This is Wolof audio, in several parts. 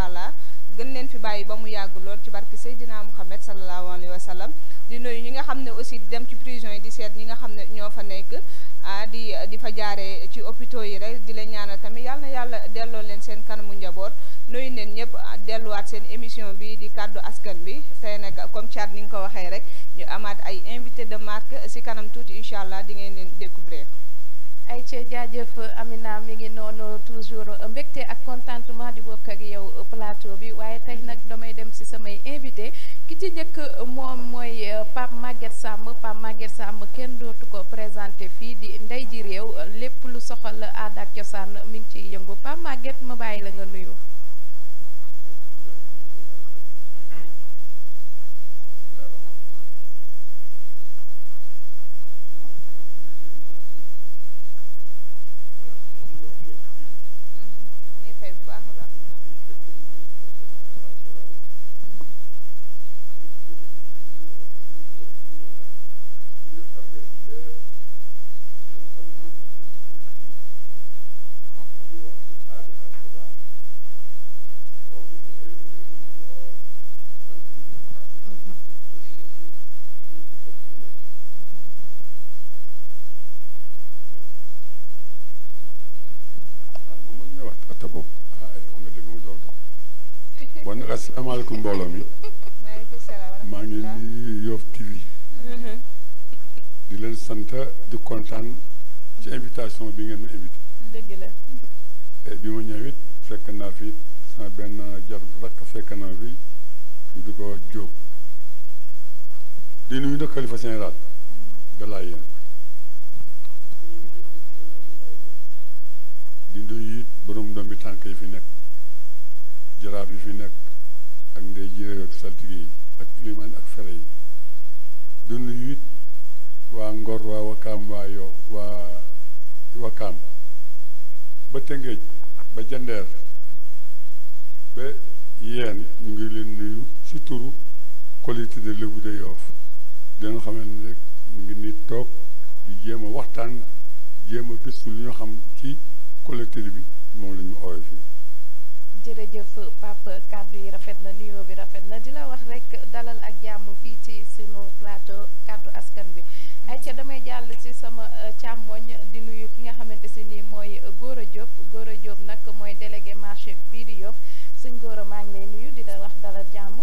taala gën leen fi bàyyi ba mu yàgg lool ci barki Seydina Mouhamed sallallahu alayhi wa sallam di nuyu ñi nga xam ne aussi di dem ci prison yi di seet ñi nga xam ne ñoo fa nekk ah di di fa jaaree ci hôpitaux yi rek di leen ñaanal tamit yàlla yàlla delloo leen seen kanamu njaboot nuyu neen ñëpp delluwaat seen émission bi di kàddu askan bi tey nag comme Thiat ni nga ko waxee rek ñu amaat ay invité de marque si kanam tuuti incha allah di ngeen leen découvrir ay ca jaajëf Amina mi ngi noonu toujours mbégte ak contentement di bokk ak yow uh, plateau bi waaye tey nag damay dem ci samay invité ki ci njëkk uh, moom mooy uh, Pape Maguette Samb Pape Maguette Samb kenn dootu ko présenté fii di ndey ji réew lépp lu soxal aada ak cosaan mi ngi ciy yëngu Pape Maguette ma bàyyi la nga nuyu. kontaan ci invitation bi ngeen ma invité. bi ma ñëw fekk naa fi sama benn jar rakk fekk naa fi ñu di ko wax Diop di nuyu nag xalifa it borom ndoom bi tànk yi fi nekk jaraaf yi fi nekk ak ndey jiréew ak saltige yi ak limaan ak fere yi di nuyu it waa Ngor waa Wakaam waa Yow waa Wakaam ba Tëngéej ba Jandeer ba yéen ñu ngi leen nuyu ci turu collectivité de Lébu de Yoff dina xamee ni rek ñu ngi nit toog di jéem a waxtaan jéem a gëstu li ñu xam ci collectivité bi moom lañu ñu fii jërëjëf Pape kàddu yi rafet na nuyoo bi rafet na di la wax rek dalal ak jàmm fii ci sunu plateau kaddu askan bi ay ca damay jàll ci sama euh, càmmoñ di nuyu ki nga xamante si nii mooy góor euh, a Gora góor a Diop nag mooy délégué marché bii di Yoff suñ Gora maa ngi lay nuyu di la wax dalal jàmm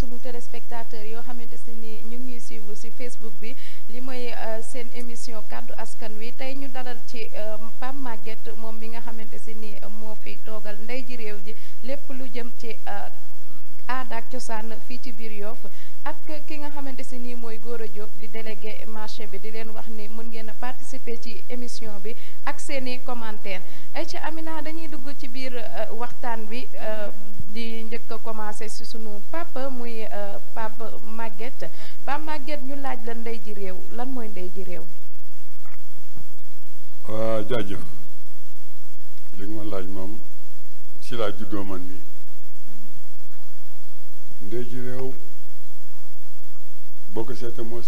sunu téléspectateur yoo xamante ne ni ñu ngi ñuy suivre si Facebook bi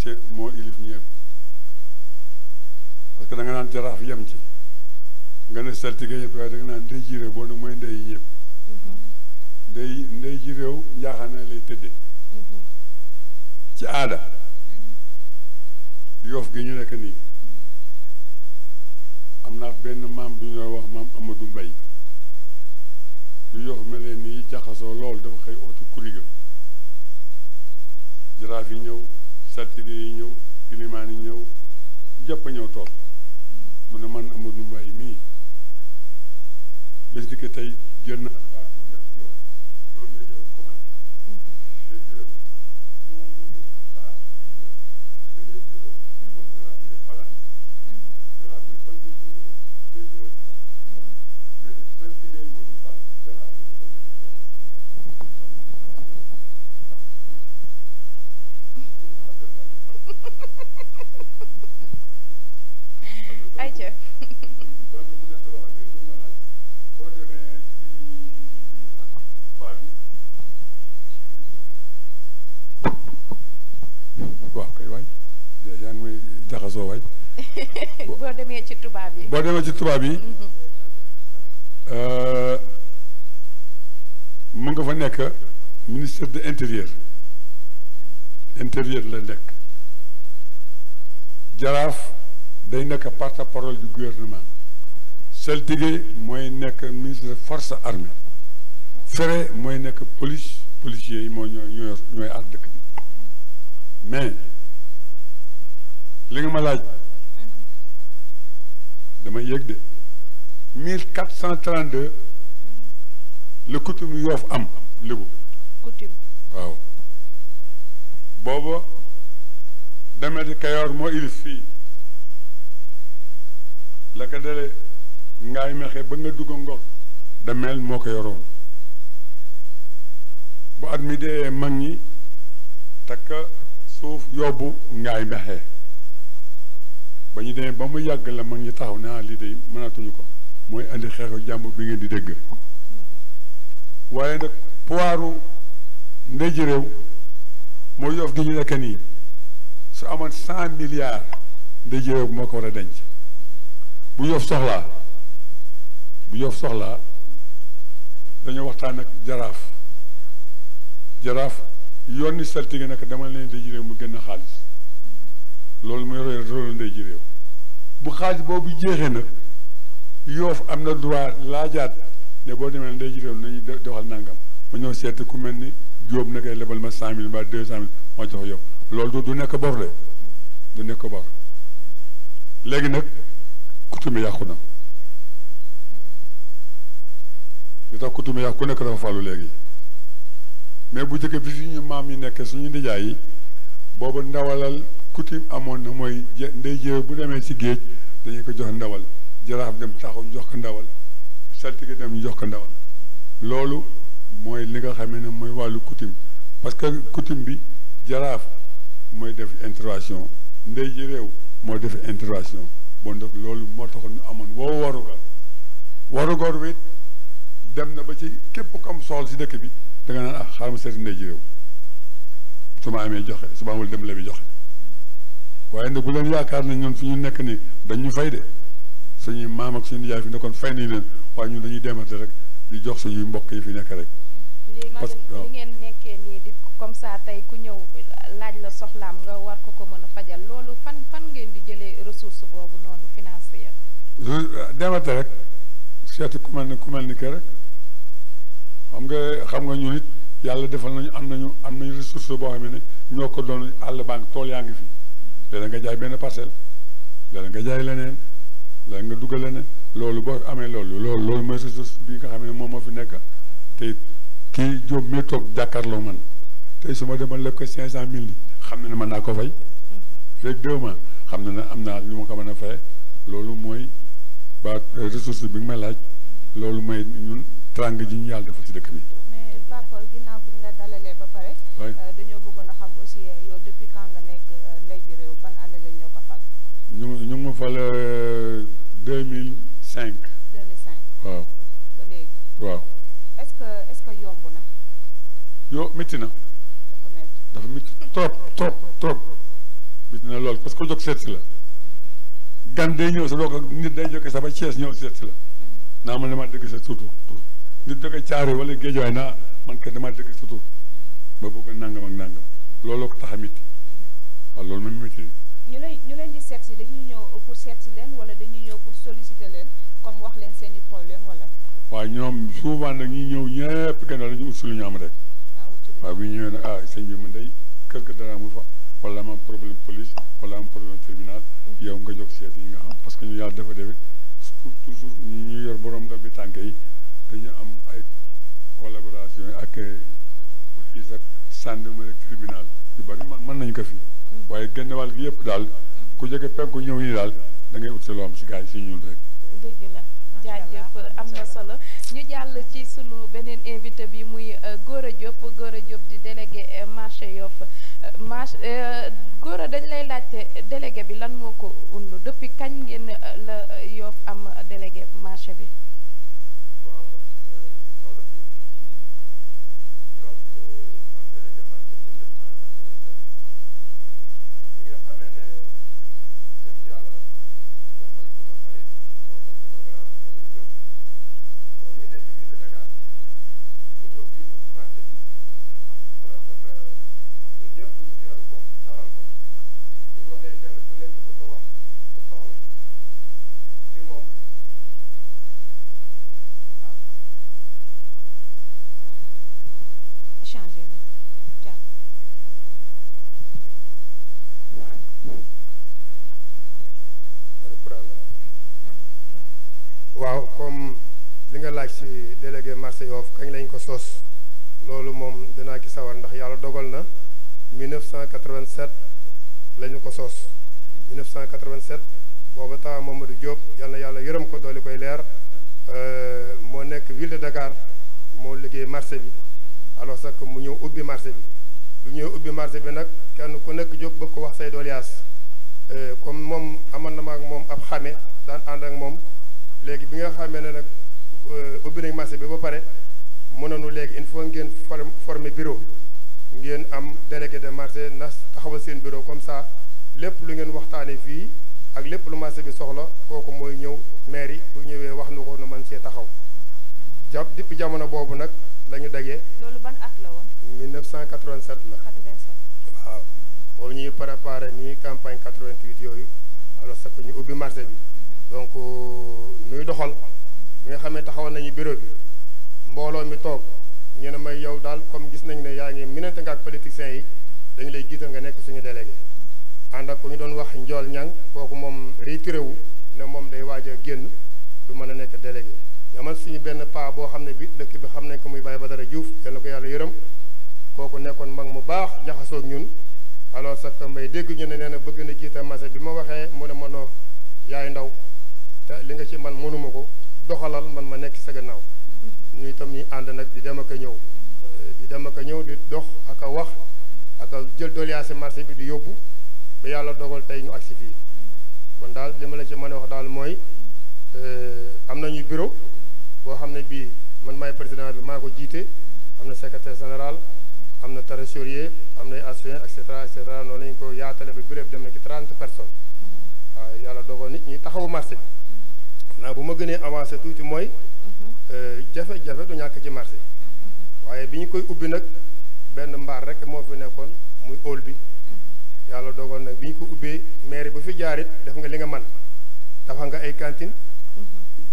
moo moo ilif ñëpp parce que da naan jaraaf yem ci nga ne saltige yëpp waaye da nga naan ndey ji réew boo ne mooy ndey yëpp mm-hmm. ndey ndey ji réew njaaxaanaay lay tëddee mm-hmm. ci aada mm-hmm. yoof gi ñu nekk nii am naa benn maam bu ñoo wax maam Amadou mbay lu yoof melee nii jaxasoo lool dafa xëy ootu kuriga jaraaf yi ñëw saltige yi ñëw ilimaan yi ñëw jàpp ñëw toog mu ne man Amadou Mbaye mii bés di ko tey jël naa tax a soo waaj boo ci tubaab bi bo demee ci bi euh mu nga fa nek ministre de intérieur intérieur la nekk jaraaf day nekk porte-parole du gouvernement saltige moy nek ministre force armée Féré, moy nek police policier, moy ñoy ñoy ñooy dëkk bi mais li nga ma laaj damay yëg de mille quatre cent trente deux yoof am lébu waaw booba demeti kayoor moo ilif fii la ko dale ngaay mexe ba nga dugg ngor demeel moo ko yoroon bu at mi dee mag ñi takk suuf yóbbu ngaay mexe ba ñu demee ba mu yàgg la mag ñi taxaw naa ah, lii de mënaatuñu ko mooy indi xeexu jàmbur bi ngeen di dégg waaye nag puwaaru ndey réew moo yoof gi ñu nekk nii su amoon cent milliards ndey bu réew ko war a denc bu yoof soxlaa bu yoof soxlaa dañoo waxtaan ak jaraaf jaraaf yoon ni saltige nag demal leen di ji mu gën a xaalis loolu mooy roy rolu ndey ji bu xaalis boobu jeexee nag yoof am na droit laajaat ne boo demee ndey ji réew nañu doxal nangam ma ñëw seet ku mel ni jóob nag koy lebal ma cent mille mbaa deux ma jox yow loolu du du nekk bor de du nekk léegi nag coutume yàqu na li tax coutume yàqu ku nekk dafa fàllu léegi mais bu jëkk bi suñu maam yi nekk suñu ndijaay yi boobu ndawalal coutume amoon na mooy ndey jéew bu demee ci géej dañu ko jox ndawal jaraaf dem taaxu jox ko ndawal saltige dem jox ko ndawal loolu mooy li nga xamee ne mooy wàllu coutume parce que coutume bi jaraaf mooy def intervention ndey ji réew mooy def intervention bon donc loolu moo taxoon ñu amoon woo warugar warugar wit dem na ba ci képp ku am soxla si dëkk bi da nga naan ah xaaral ma seeti ndey ji réew su ma amee joxe su ma amul dem la bi joxe waaye nag bu leen yaakaar nañ ñoom fi ñu nekk nii dañ ñu fay de suñuy maam ak suñu nijaay fi nekkoon fay nañu leen waaye ñun dañuy demate rek di jox suñuy mbokk yi fi nekk rek. parce que li ngeen nekkee nii di comme ça tey ku ñëw laaj la soxlaam nga war ko ko mën a fajal loolu fan fan ngeen di jëlee ressource boobu noonu financière. Euh, demate rek seeti ku mel ni ku mel ni que rek xam nga xam nga ñun it yàlla defal nañu am nañu am nañu ressource boo xam ne ñoo ko doon àll banque tool yaa ngi fi. léeg nga jaay benn parcelle leneen nga jaay leneen léeg nga dugal leneen loolu boo amee loolu loolu loolu mooy ressource bi nga xam ne moom moo fi nekk te kii Jóob mi toog jàkkaarloo man su ma demoon leb ko cinq cent mille xam na ne mën naa ko fay feeg deux mois na am naa lu ma ko mën a fay loolu mooy ba ressource bi nga may laaj loolu mooy ñun trang ji ñu yàlla defal si dëkk bi. ma fa euh, mille cinq. waaw. ba léegi waaw. est-ce que yomb na. yo métti na. dafa métti trop trop trop. métti na lool parce que jog seet si la. gan day ñëw sa doo ko nit day jóge sa ba Cees ñëw seet la. Mm. naa man damaa dëgg sa tuutu nit jóge caari wala géejawaay naa man kat damaa dëgg sa ba bëgg nangam ak nangam looloo ko tax a métti waaw loolu moom métti ñu lay ñu leen di seet dañuy ñëw seet si leen wala dañuy ñëw solliciter leen comme wax leen seen problème wala. waaw ñoom souvent nag ñi ñëw ñëpp kenn dañu ut si lu ñu am rek. Ah, waaw bu ñu ñëwee nag ah sëñ bi mu ndey kër ga dara mu fa wala am problème police wala am problème tribunal mm-hmm. yow nga jóg seet yi nga xam parce que ñu yàlla dafa def toujours ñu ñu yor boroom ndox bi tànk yi dañu am ay collaboration ak eh, police ak gendarmerie ak tribunal yu bari mën nañ ko fi mm-hmm. waaye genn wàll ku jóge penku ñëw ni daal da ngay ut si am si gars si ñuul rek. dëgg la jaajëf am na solo ñu jàll ci sunu beneen invité bi muy góor euh, Gora Diop Gora Diop di délégué euh, marché Yoff euh, marché Gora dañ lay laajte délégué bi lan moo ko undu depuis kañ ngeen la Yoff am délégué marché bi. soos loolu moom dinaa ci sawar ndax yàlla dogal na 1987 la lañu ko sos 1987 booba taa Mamadou Diop yal na yàlla yërëm ko dooli koy leer euh, moo nekk ville de Dakar moo liggéey marché bi alors sax mu ñëw ubbi marché bi bu ñëw ubbi marché bi nag kenn ku nekk jóg bëgg ko wax say doléances kon euh, moom amoon na ak moom ab xame daan ànd ak moom léegi bi nga xamee ne nag euh, ubbi nañ marché bi ba pare. mu noonu il faut ngeen former bureau ngeen am délégué de marché nas taxawal seen bureau comme ça lepp lu ngeen waxtane fi ak lepp lu marché bi soxla koku moy ñew maire bu ñewé wax nu ko nu man ci taxaw jap depuis jamono bobu nak lañu dajé lolu ban at la won 1987 la. 87 waaw boobu ñuy préparé campagne 88 yoyu alors ko ñu ubi marché bi donc euh, nuy doxal mi nga xam ne nañu bureau bi. mbooloo mi toog ñu ne may yow daal comme gis nañ ne yaa ngi minante nga ak politiciens yi dañ lay jiital nga nekk suñu délégué ànd ak ku ñu doon wax njool ñang kooku moom retiré wu ne moom day waaja génn du mën a nekk délégué yamal suñu benn paa boo xam ne bi dëkk bi xam nañ ko muy Baye ba dara yal na ko yàlla yërëm kooku nekkoon mag mu baax jaxasoog ñun alors sax may dégg ñu ne nee na bëgg na jiite marché bi ma waxee mu ne ma noo yaay ndaw te li nga ci man mënuma ko doxalal man ma nekk sa gannaaw ñu itam ñuy ànd nag di dem ak ñëw euh, di dem ak a ñëw di dox ak wax ak a jël doléance marché bi di yóbbu ba yàlla dogal tey ñu agsi fii kon daal li ma la ci mën a wax daal mooy euh, am nañu bureau boo xam ne bii man maay président bi maa ko jiite am na secrétaire général am na trésorier am na associé et cetera et cetera noonu lañu ko yaatale ba bureau dem na ci trente personnes waaw yàlla dogal nit ñuy taxawu marché bi naa bu ma gënee avancé tuuti mooy jafe-jafe du ñàkk ci marché waaye bi ñu koy ubbi nag benn kon rek moo fi nekkoon muy óol bi yàlla dogal nag bi ñu ko ubbee maire ba fi jaarit def nga li nga man dafa nga ay cantine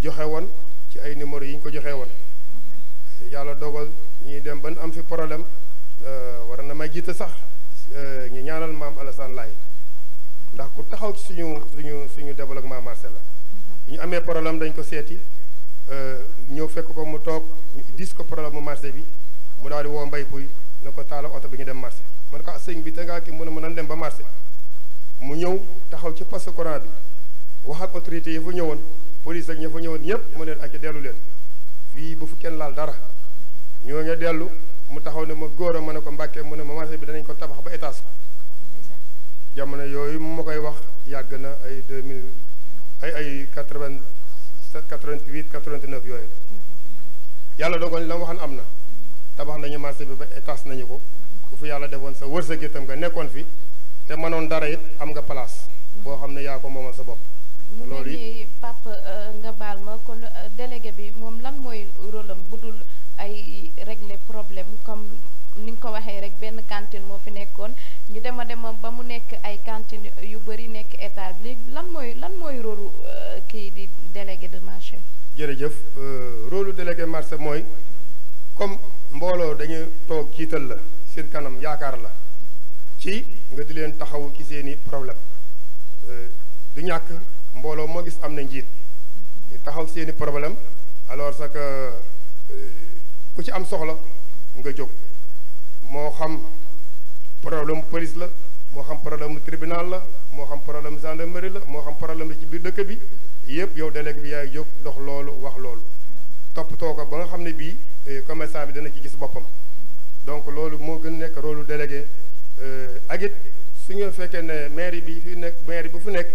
joxe woon ci ay numéro yi ñu ko joxe woon yàlla dogal ñuy dem ban am fi problème euh, war na may jiite sax euh, ñu ñaanal maam Alassane Laye ndax ku taxaw ci suñu suñu suñu développement marché la ñu problème dañ ko Euh, ñew fekk ko mu tok dis ko problème mu marché bi mu daal wo mbay puy nako ko auto bi ñu dem marché man ko ah, sëñ bi tanga ki mu ne mu nan dem ba marché mu ñew taxaw ci passe courant bi wax ak autorité yi fu ñewon police ak ña fa ñëwoon ñëpp mu leen ak delu len fi bu fu ken laal dara ñoo nga delu mu taxaw ne ma goro a ko mbàkkee mu ne ma marché bi dañ ko tabax ba étage jamono yooyu mu makay wax yagna ay 2000 ay ay 80 sa 87 88 89 yooyu la yàlla dogal la waxoon am na tabax nañu marché bi ba étage nañu ko bu fi yàlla defoon sa sa itam nga nekkoon fi te mënoon dara it am nga place boo xam ne yaa ko moomal sa bopp loolu yi euh, nga baal ma kon euh, délégué bi moom lan mooy rôle bu dul ay régler problème comme ni nga ko waxee rek benn quantine moo fi nekkoon ñu dema dema ba mu nekk ay cantine yu bëri nekk état léegi lan mooy lan mooy rôle euh, jërëjëf euh, rôle délégué marché mooy comme mbooloo dañu toog jiital la seen kanam yaakaar la ci nga di leen taxaw ci seeni problème euh, du ñàkk mbooloo moo gis am na njiit ñu taxaw seeni problème alors ça que euh, ku ci am soxla nga jóg moo xam problème police la moo xam problème tribunal la moo xam problème gendarmerie la moo xam problème ci biir dëkk bi yëpp yow délégué bi yaay jóg dox loolu wax loolu toppatoo ko ba nga xam ne bii eh, commerçant bi dana ci gis boppam donc loolu moo gën nekk rôle délégué euh, ak it su ñu fekkee ne mairie bi fi nekk mairie bu fu nekk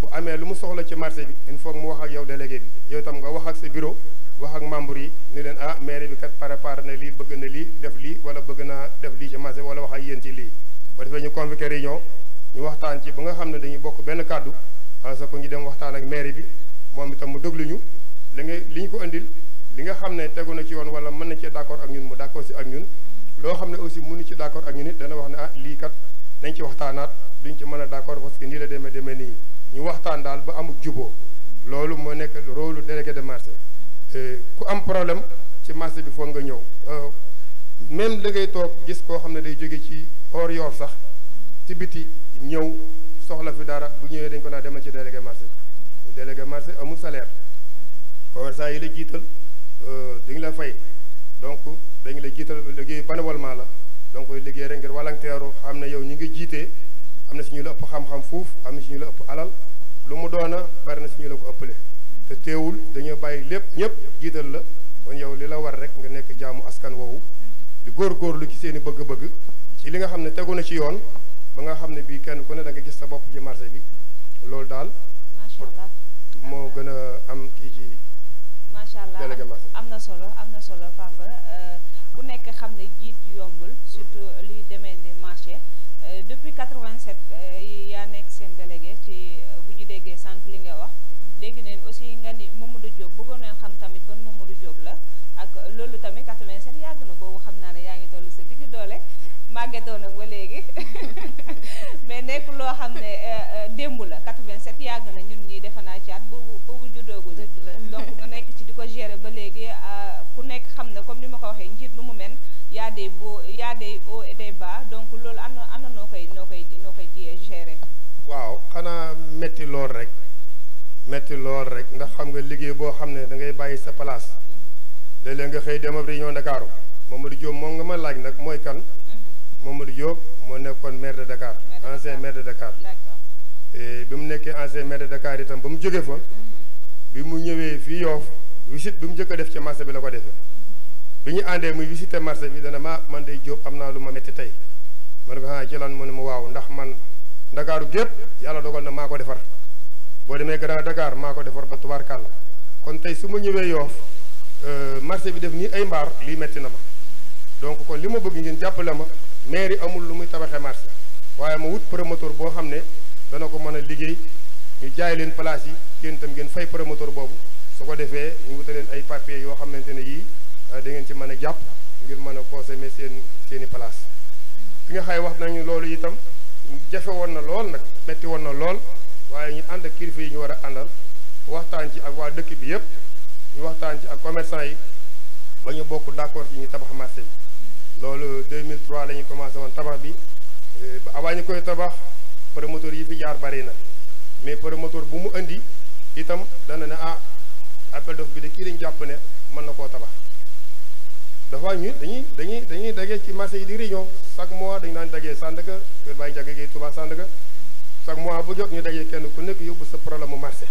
bu amee lu mu soxla ci marché bi il foog mu wax ak yow délégué bi yow tam nga wax ak sa bureau wax ak membre yi ni leen ah mairie bi kat préparé na lii bëgg na lii def lii wala bëgg naa def lii ci marché wala wax ak yéen ci lii ba defee ñu convoqué réunion ñu waxtaan ci ba nga xam ne dañuy bokk benn kàddu parce que ñu dem waxtaan ak maire bi moom itam mu déglu ñu li nga li ñu ko indil li nga xam ne tegu na ci yoon wala mën na cee d'accord ak ñun mu d'accord si ak ñun loo xam ne aussi mënu ci d'accord ak ñun it dana wax ne ah lii kat nañ ci waxtaanaat duñ ci mën a d'accord parce que nii la demee demee nii ñu waxtaan daal ba amuk juboo loolu moo nekk rôle délégué de marché euh, ku am problème ci marché bi foog nga ñëw euh, même da ngay toog gis koo xam ne day jóge ci hors sax ci biti ñëw soxla fi dara bu ñëwee dañ ko naa dem na ci délégué marché délégué marché amul salaire commerçant yi la jiital euh, dañ la fay donc dañ la jiital liggéey bénévolement la donc liggéey rek ngir walanteeru xam ne yow ñu ngi jiitee am na si ñu la ëpp xam-xam fuuf am na si ñu la ëpp alal lu mu doona bari na si ñu la ko ëppale te teewul dañoo bàyyi lépp ñëpp jiital la kon yow li la war rek nga nekk jaamu askan woowu di lu ci seeni bëgg-bëgg ci li nga xam ne tegu na ci yoon ba nga xam ne bii kenn ku ne da nga gis sa bopp ci marché bi loolu daal. macha allah moo gën a am kii ci. macha allah délégué marché am na solo am na solo papa euh, ku nekk xam ne jiit yombul surtout luy demee ni marché euh, depuis 87 euh, yaa nekk seen délégué ci. loo xam ne euh, euh, démb la 87 yàgg na ñun defe naa caat boobu boobu donc nga nekk ci di ko gérer ba léegi euh, ku nekk xam na comme ni ma ko waxee njiit lu mu mel yaa des beaux yaa des hauts et des donc loolu am na noo koy noo koy noo koy waaw xanaa metti lool rek metti lool rek ndax xam nga liggéey boo xam ne da ngay bàyyi sa place léeg nga xëy dem ab réunion Ndakaaru Mamadou Diop moom nga ma laaj nag mooy kan. Mamadou Diop moo nekkoon maire de Dakar ancien maire de Dakar bi mu nekkee ancien maire de Dakar itam ba mu jógee fa bi mu ñëwee fii Yoff visite bi mu njëkk def ci marché bi la ko defee bi ñu àndee muy visité marché bi dana ma man day am naa lu ma metti tey man ko ah ci lan mu waaw ndax man Ndakaaru gépp yàlla dogal na maa ko defar boo demee Grand Dakar maa ko defar ba tubaarkàlla kon tey su ma ñëwee Yoff euh, marché bi def nii ay mbaar lii metti na ma donc kon li ma bëgg ngeen jàppale ma mairie amul lu muy tabaxee marché waaye ma wut promoteur boo xam ne dana ko mën a liggéey ñu jaay leen place yi yéen itam ngeen fay promoteur boobu su ko defee ñu wute leen ay papiers yoo xamante ne yii euh, da ngeen ci mën a jàpp ngir mën a consommer seen seen i place fi nga xay wax nañu loolu itam jafe woon na lool nag metti woon na lool waaye ñu ànd ak kilifa yi ñu war a àndal waxtaan ci ak waa dëkk bi yépp ñu waxtaan ci ak commerçant yi ba ñu bokk d'accord ci ñu tabax marché yi loolu 2003 la ñu commencé woon tabax bi euh, avant ñu koy tabax promoteur yi fi jaar bari na mais promoteur bu mu indi itam dana ne ah appel def bi de kii lañu jàpp ne mën na koo tabax dafa ñu dañuy dañuy dañuy dagee ci marché yi di réunion chaque mois dañu daan dagee Sandaga kër bàyyi jàgg gi Touba Sandaga chaque mois bu jot ñu dagee kenn ku nekk yóbbu sa problème mu marché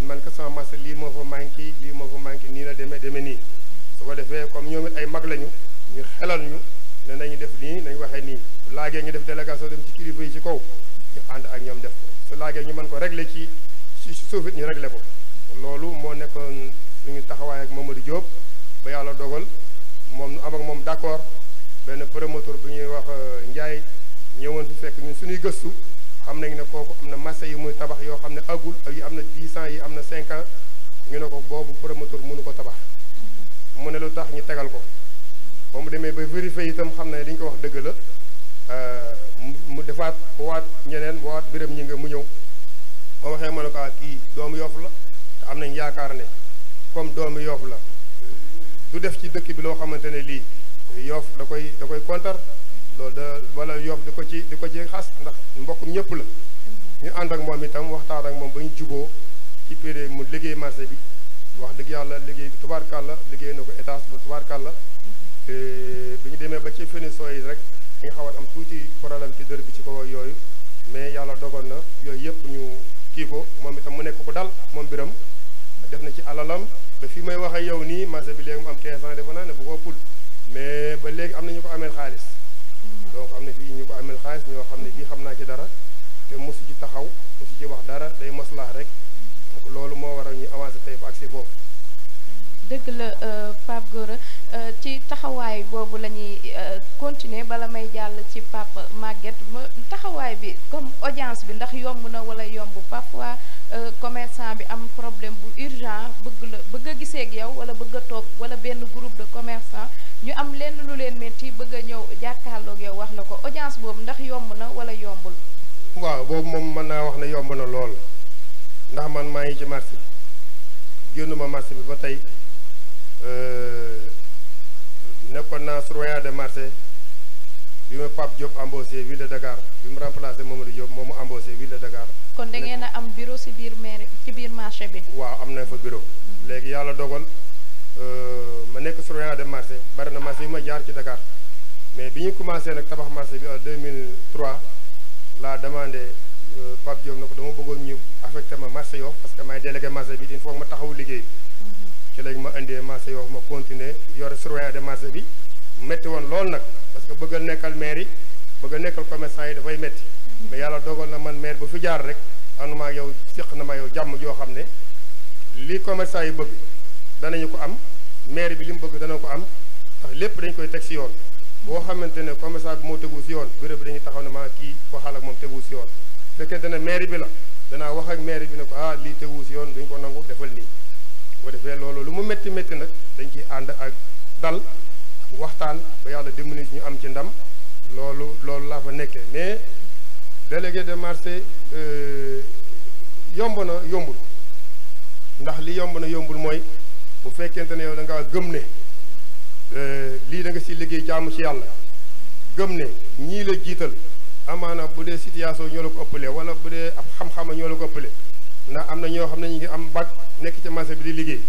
man ka sama marché lii moo fa manqué lii moo fa manqué nii la demee demee nii su ko defee comme ñoom ay mag lañu ñu xelal ñu ne nañu def nii nañ waxee nii su ñu def délégation dem ci kilifa yi ci kaw ñu ànd ak ñoom def ko su laagee ñu man ko régler ci ci suufit ñu régler ko loolu moo nekkoon ñu taxawaay ak moom di jóob ba yàlla dogal moom nu am ak moom d'accord benn promoteur bu ñuy wax euh, Ndiaye ñëwoon fi fekk ñun suñuy gëstu xam nañu ne kooku am na marché yi muy tabax yoo xam ne agul ak yi am na dix ans yi am na cinq ñu ne ko boobu promoteur mënu ko tabax mu ne lu tax ñu tegal ko ba mu demee ba vérifié itam xam na ne dañ ko wax dëgg la euh, mu defaat waat ñeneen waat biram ñi nga mu ñëw ma waxee ma ne ko ah, kii doomu yoof la te am nañ yaakaar ne comme doomu yoof la du def ci dëkk bi loo xamante ne lii yoof da koy da koy kontar loolu da wala yoof di ko ci di ko ci xas ndax mbokkum ñëpp la ñu ànd ak moom itam waxtaan ak moom ba ñu juboo ci période mu liggéey marché bi wax dëgg yàlla liggéey bi tubaarkàlla liggéey na ko étage ba tubaarkàlla Euh, bi ñu demee ba ci finition yi rek ñu xaw a am tuuti problème ci dër bi ci kaw yooyu mais yàlla dogal na yooyu yëpp ñu kii ko moom itam mu nekk ko dal moom biram def na ci alalam ba fi may wax yow nii marché bi léegi mu am 15 ans defe naa ne bu ko pul mais ba léegi am na ñu ko ameel xaalis donc am na fii ñu ko ameel xaalis ñoo xam ne bii xam naa ci dara te mosu ci taxaw mosu ci wax dara day maslaa rek loolu moo waral ñu avancé tey ba ak si foofu. dëgg la euh, Pape Euh, ci taxawaay boobu la ñuy euh, continuer bala may jàll ci Pape Maguette ma taxawaay bi comme audience bi ndax yomb na wala yomb parfois euh, commerçant bi am problème bu urgent bëgg la bëgg a gisee ak yow wala bëgg a toog wala benn groupe de commerçant ñu am lenn lu leen métti bëgg a ñëw jàkkaarloog yow wax la ko audience boobu ndax yomb na wala yombul. waaw boobu moom mën naa wax na yomb na lool ndax man maa ngi ci marché bi génnuma marché bi ba tey. kon naa surveillant de marché bi ma Pape Diop embauché ville de Dakar bi mu moom remplacé Mamadou Diop moom mu embauché ville de Dakar. kon da ngeen a am bureau ci biir maire ci biir marché bi. waaw am na fa bureau. léegi yàlla dogal euh, ma nekk surveillant de marché bari na marché yi ma jaar ci Dakar mais bi ñu commencé nag tabax marché bi en 2003 laa demandé euh, Pape Diop na ko dama bëggoon ñu affecté ma marché Yoff parce que may délégué marché bi il faut ma taxawu liggéey ci lañ ma indee marché yoo ma continuer yore surveillant de marché bi métti woon lool nag parce que bëggal nekkal maire yi bëgg nekkal commerçant yi dafay métti mais yàlla dogal na man maire bu fi jaar rek anuma yow séq na ma yow jàmm joo xam ne li commerçant yi bëgg danañu ko am maire bi li mu bëgg dana ko am ndax lépp dañ koy teg si yoon boo xamante ne commerçant bi moo tegu si yoon bureau bi dañuy taxaw ne maa kii waxal ak moom tegu si yoon fekkente ne maire bi la danaa wax ak maire bi ne ko ah lii tegu si yoon duñ ko nangu defal nii bu defee loolu lu mu métti métti nag dañ ciy ànd ak dal waxtaan ba yàlla dimbali ñu am ci ndam loolu loolu laa fa nekkee mais délégué de marché euh, yomb na yombul ndax li yomb na yombul mooy bu fekkente ne yow da ngaa gëm ne euh, lii danga nga liggéey jaamu ci yàlla gëm ne ñii la jiital amaana bu dee situation ñoo la ko ëppalee wala bu dee ab xam-xama ñoo la ko ëppalee ndax am na ñoo xam ne ñu ngi am bac nekk ci marché bi di liggéey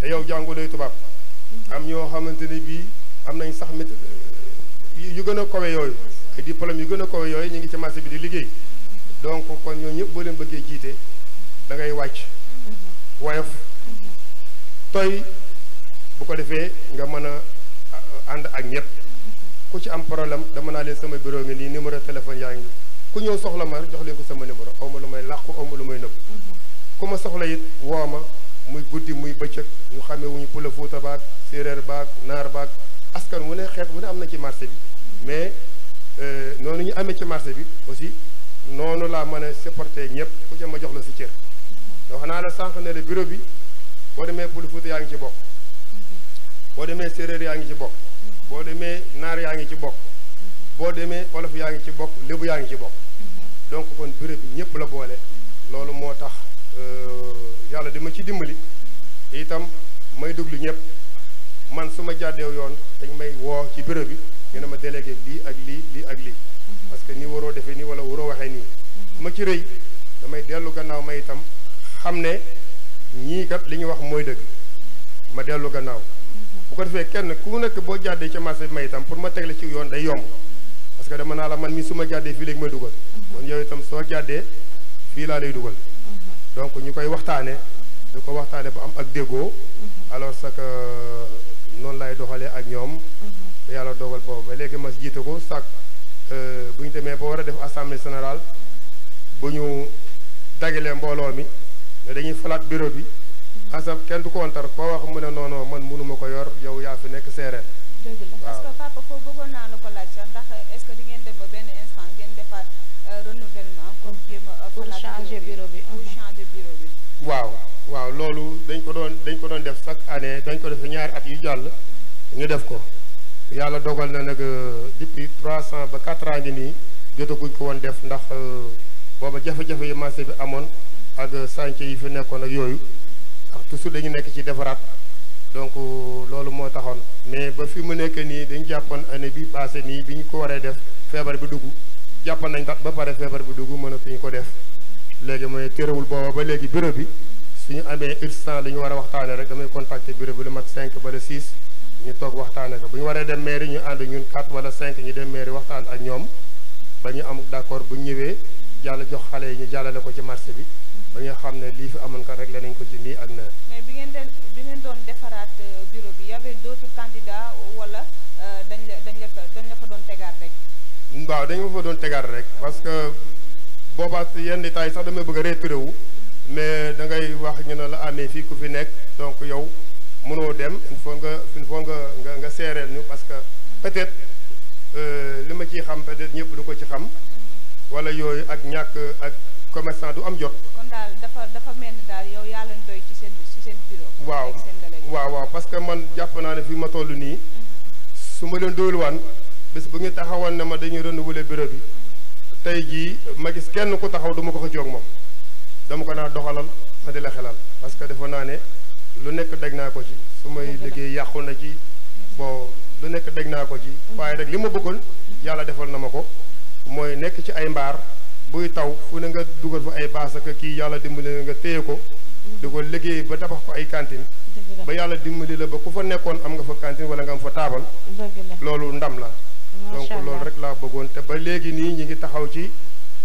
te yow jàngu tubaab mm-hmm. am ñoo xamante ni bii am nañ sax mit euh, yu gën a kawe yooyu mm-hmm. ay diplôme yu gën a kawe yooyu ñu ngi ci marché bi di liggéey donc kon ñoo ñëpp boo leen bëggee jiite da ngay wàcc mm-hmm. woyof toy bu ko defee nga mën a euh, ànd ak ñëpp ku ci am problème dama naa leen sama bureau ngi nii numéro téléphone yaa ngi nii ku ñëw soxla ma rek jox leen ko sama numéro aw ma lu may làqu aw ma lu may ku ma soxla it woo ma muy guddi muy bëccëg ñu xamee wuñu Pula Fuuta baag séeréer baag naar baag askan wu ne xeet wu ne am na ci marché bi mais euh, noonu ñu amee ci marché bi aussi noonu laa mën a supporter ñëpp ku ca ma jox la si cër wax naa la sànq ne la bureau bi boo demee Pula Fuuta yaa ngi ci bokk boo demee séeréer yaa ngi ci bokk boo demee naar yaa ngi ci bokk boo demee wolof yaa ngi ci bokk lébu yaa ngi ci bokk donc kon bureau bi ñëpp la boole loolu Euh, yàlla di ma ci dimbali itam may déglu ñëpp man suma ma jàddeew yoon dañ may woo ci bureau bi ñu ne ma délégué lii ak lii lii ak lii mm-hmm. parce que ni waroo defee nii wala waroo waxee nii mm-hmm. ma ci rëy damay dellu gannaaw ma itam xam ne ñii kat li ñu wax mooy dëgg ma dellu gannaaw mm-hmm. bu ko defee kenn ku nekk boo jàddee ca marché bi ma itam pour ma tegle ci yoon day yomb parce que dama naa la man mi su ma jàddee fii lañ may dugal kon yow itam soo jàddee fii laa lay dugal donc ñu koy waxtaane di ko waxtaane bu am ak déggoo mm-hmm. alors ça que noonu lay doxalee ak ñoom mm-hmm. yàlla dogal boobu ba léegi ma jiite ko sax euh, bu ñu demee ba war a def assemblée sénéral bu ñu dajalee mbooloo mi ne dañuy falaat bureau bi mm-hmm. asab kenn du ko kontar koo wax mu ne noonoo man mënuma ko yor yow yaa fi nekk séeréer dëgg la waaw waaw loolu dañ ko doon dañ ko doon def chaque année dañ ko def ñaari at yu jàll ñu def ko yàlla dogal na nag euh, depuis trois cent ba quatre ans ngi nii jotaguñ ko woon def ndax euh, booba jafe-jafe yi marché bi amoon ak chantier yi fi nekkoon ak yooyu ndax toujours dañu nekk ci defaraat donc euh, loolu moo taxoon mais ba fi mu nekk nii dañ jàppoon année bi passé nii bi ñu ko waree def feebar bi dugg jàppoon nañ ba pare feebar bi dugg mënatuñu ko def léegi mooy terewul booba ba légui bureau bi suñu amé instant li ñu wara a rek dañuy contacter bureau bi le mat 5 ba le 6 ñu tok waxtaane ko buñu ñu dem mairie ñu and ñun 4 wala 5 ñu dem mairie waxtaan ak ñom ba ñu am d'accord bu ñëwé jàll jox xalé ñu jallalé ko ci marché bi ba nga xamné li fi amon kat rek la ñu ko ci nii ak na mais bi ngeen den bi ngeen doon défarat euh, bureau bi y avait d'autres candidats wala euh, dañ la dañ la fa dañ la fa doon tégar rek waaw dañ ma fa doon tégar rek parce que boobaa yenn détails yi sax damay bëgg a retiré wu mais da ngay wax ñu ne la amee ah, fii ku fi nekk donc yow mënoo dem il faut nga il nga nga nga seereel ñu parce que peut-être euh, li ma ci xam peut-être ñëpp du ko ci xam wala yooyu ak ñàkk ak commerçant du am jot. kon daal dafa dafa mel daal yow yaa leen doy ci seen ci seen bureau. waaw waaw waaw parce que man jàpp naa ne fii ma toll nii. Mm-hmm. su ma leen doyul waan bu ñu taxawoon ne ma dañuy renouveler bureau bi. tey jii ma gis kenn ku taxaw du ma ko xëccoog moom dama ko naa doxalal ma di la xelal parce que defe naa ne lu nekk degg naa ko ci su may liggéey yàqu na ci bon lu nekk daj naa ko ci waaye rek li ma bëggoon yàlla defal na ma ko mooy nekk ci ay mbaar buy taw fu ne nga dugal fa ay baas ak kii yàlla dimbali nga téye ko di ko liggéey ba tabax ko ay cantine ba yàlla dimbali la ba ku fa nekkoon am nga fa cantine wala nga am fa taabal loolu ndam la donc loolu rek laa bëggoon te ba léegi nii ñi ngi taxaw ci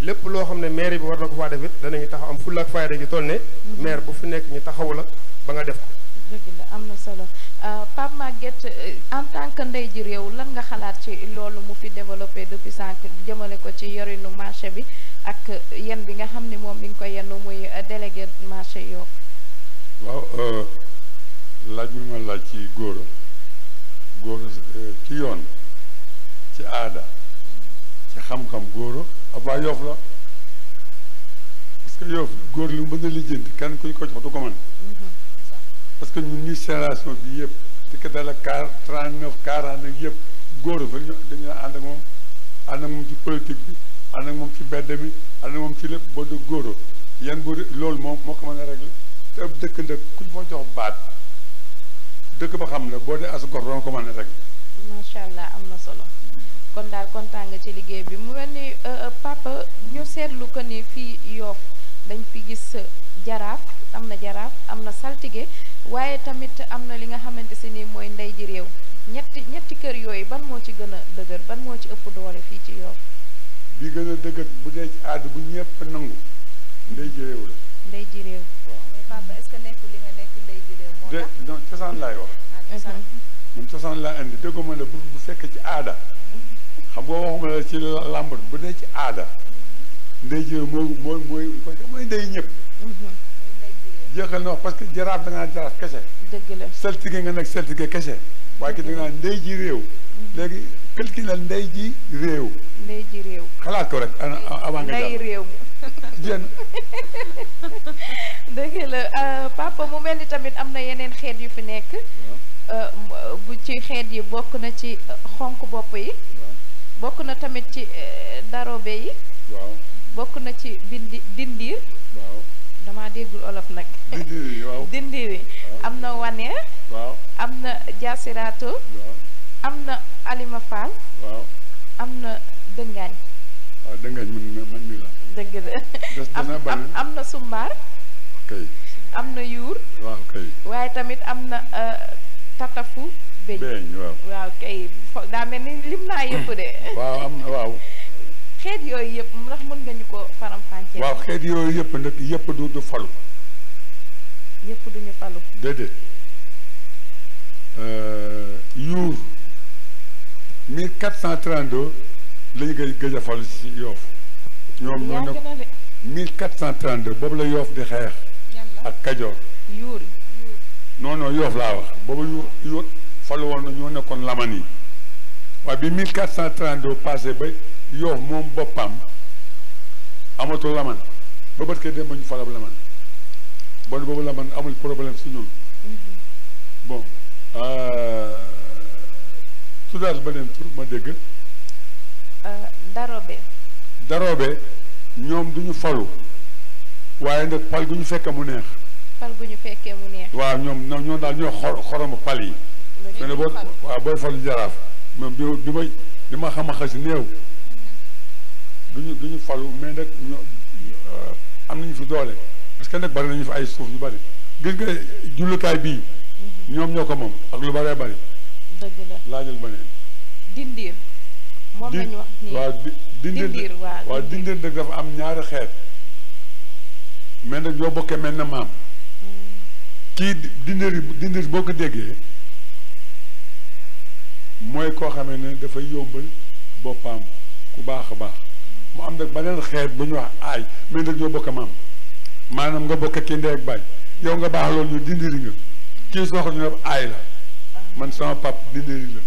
lépp loo xam ne maire bi war na ko faa def it danañu taxaw am fulla ak fayda ji toll ne mhm. maire bu fi nekk ñu taxaw la ba nga def ko dëgg la am na solo euh, Pape Maguette euh, en tant que ndey ji réew lan nga xalaat ci loolu mu fi développé depuis sànq jëmale ko ci yorinu marché bi ak yenn bi nga xam ni moom li nga ko yenn muy délégué marché yoo waaw euh, laaj bi ma laaj ci góor góor ci yoon ci aada ci xam-xam góor abaa yoof la parce que yoof góor li mu mën a lijjanti kenn ku ñu ko jox du ko mën parce que ñu ngi génération bi yëpp di ko dala car trente neuf quarante ak yëpp góor fa ñu dañu ànd ak moom ànd ak moom ci politique bi ànd ak moom ci mbedd mi ànd ak moom ci lépp boo dëgg góor yan bu loolu moom moo ko mën a régler te dëkk ndëkk ku ñu fa jox baat dëkk ba xam ne boo dee as gor doon ko mën a régler macha allah am na solo kon daal kontaan nga ci liggéey bi mu mel ni euh, euh, papa ñu seetlu ko ni fii Yoff dañ fi gis euh, jaraaf am na jaraaf am na saltige waaye tamit am na li nga xamante si ni mooy ndey ji réew ñetti ñetti kër yooyu ban moo ci gën a dëgër ban moo ci ëpp doole fii ci Yoff bi gën a dëgër bu dee ci aada bu ñëpp nangu ndey ji réew la ndey ji réew waaw mais papa ce que nekkul li nga nekk ndey ji réew moo tax non cosaan laay wax ah, moom cosaan laa indi déggoo ma ne bu bu fekk ci aada xam nga waxuma la ci làmb bu dee ci aada ndey ji moo moo mooy mooy ndey ñëpp jeexal na wax parce que jaraaf da kese dëgg la saltige nga nag saltige kese waaye ki da nga ji réew léegi kël ki na ndey ji réew ndey ji xalaat ko rek avant réew jën dëgg la euh, papa mu mel ni tamit am na yeneen xeet yu fi nekk euh, ci xeet yi bokk na ci xonq bopp yi bokk na tamit ci eh, darobe yi bokk na ci bindi dindiir waaw déggul olof nag dindiir yi am na waneer am na jaasiraato am na alima faal am na dëngaañ waaw dëngaañ mën mën la dëgg la am na sumbaar am na yuur waaye tamit am na eh, tatafu beñ waaw kay daa mel ni lim naa yëpp de waaw am waaw xeet yooyu yëpp ndax mën nga ñu ko faram waaw xeet yooyu yëpp nag yëpp du du falu yëpp duñu falu déedéet euh, yuur mille quatre cent trente-deux lañu gëj gëj falu ci yoof ñoom ñoo ne mille quatre cent trente-deux boobu la yoof di xeex ak kajoor yuur non non yoof laa wax booba yu falu woon na ñoo nekkoon laman yi waaye bi 1432 passé ba yoof moom boppam amatul laman ba bët kee dem ba ñu falab laman bon boobu laman amul problème si ñun mm-hmm. bon tudaas euh, beneen tur ma dégg euh, darobe darobe ñoom du ñu falu waaye nag fal gu ñu fekk mu neex fal bu ñu fekkee mu neex. waaw ñoom ñoom daal ñoo xor xoromu pal yi. loolu boo waaw booy fal jaraaf moom du ma li ma xam mm-hmm. du ñu du ñu falu mais nag euh, am nañu fi doole parce que nag bari nañu fi ay suuf ñu bari gis nga jullukaay bii. Mm-hmm. ñoom ñoo ko moom ak lu baree bari. dëgg la laajal beneen. dindiir. waaw dindiir waaw dafa am ñaari xeet. mais ñoo bokkee mel na maam. kii dindiri dindiri boo ko déggee mooy koo xamee ne dafa yombal boppam ku baax a baax mu am nag beneen xeet bu ñu wax aay mais nag ñoo bokk maam maanaam nga bokk kii ndey ak baay yow nga baax loolu ñu dindiri nga kii soxla ñu ne aay la man sama pap dindiri la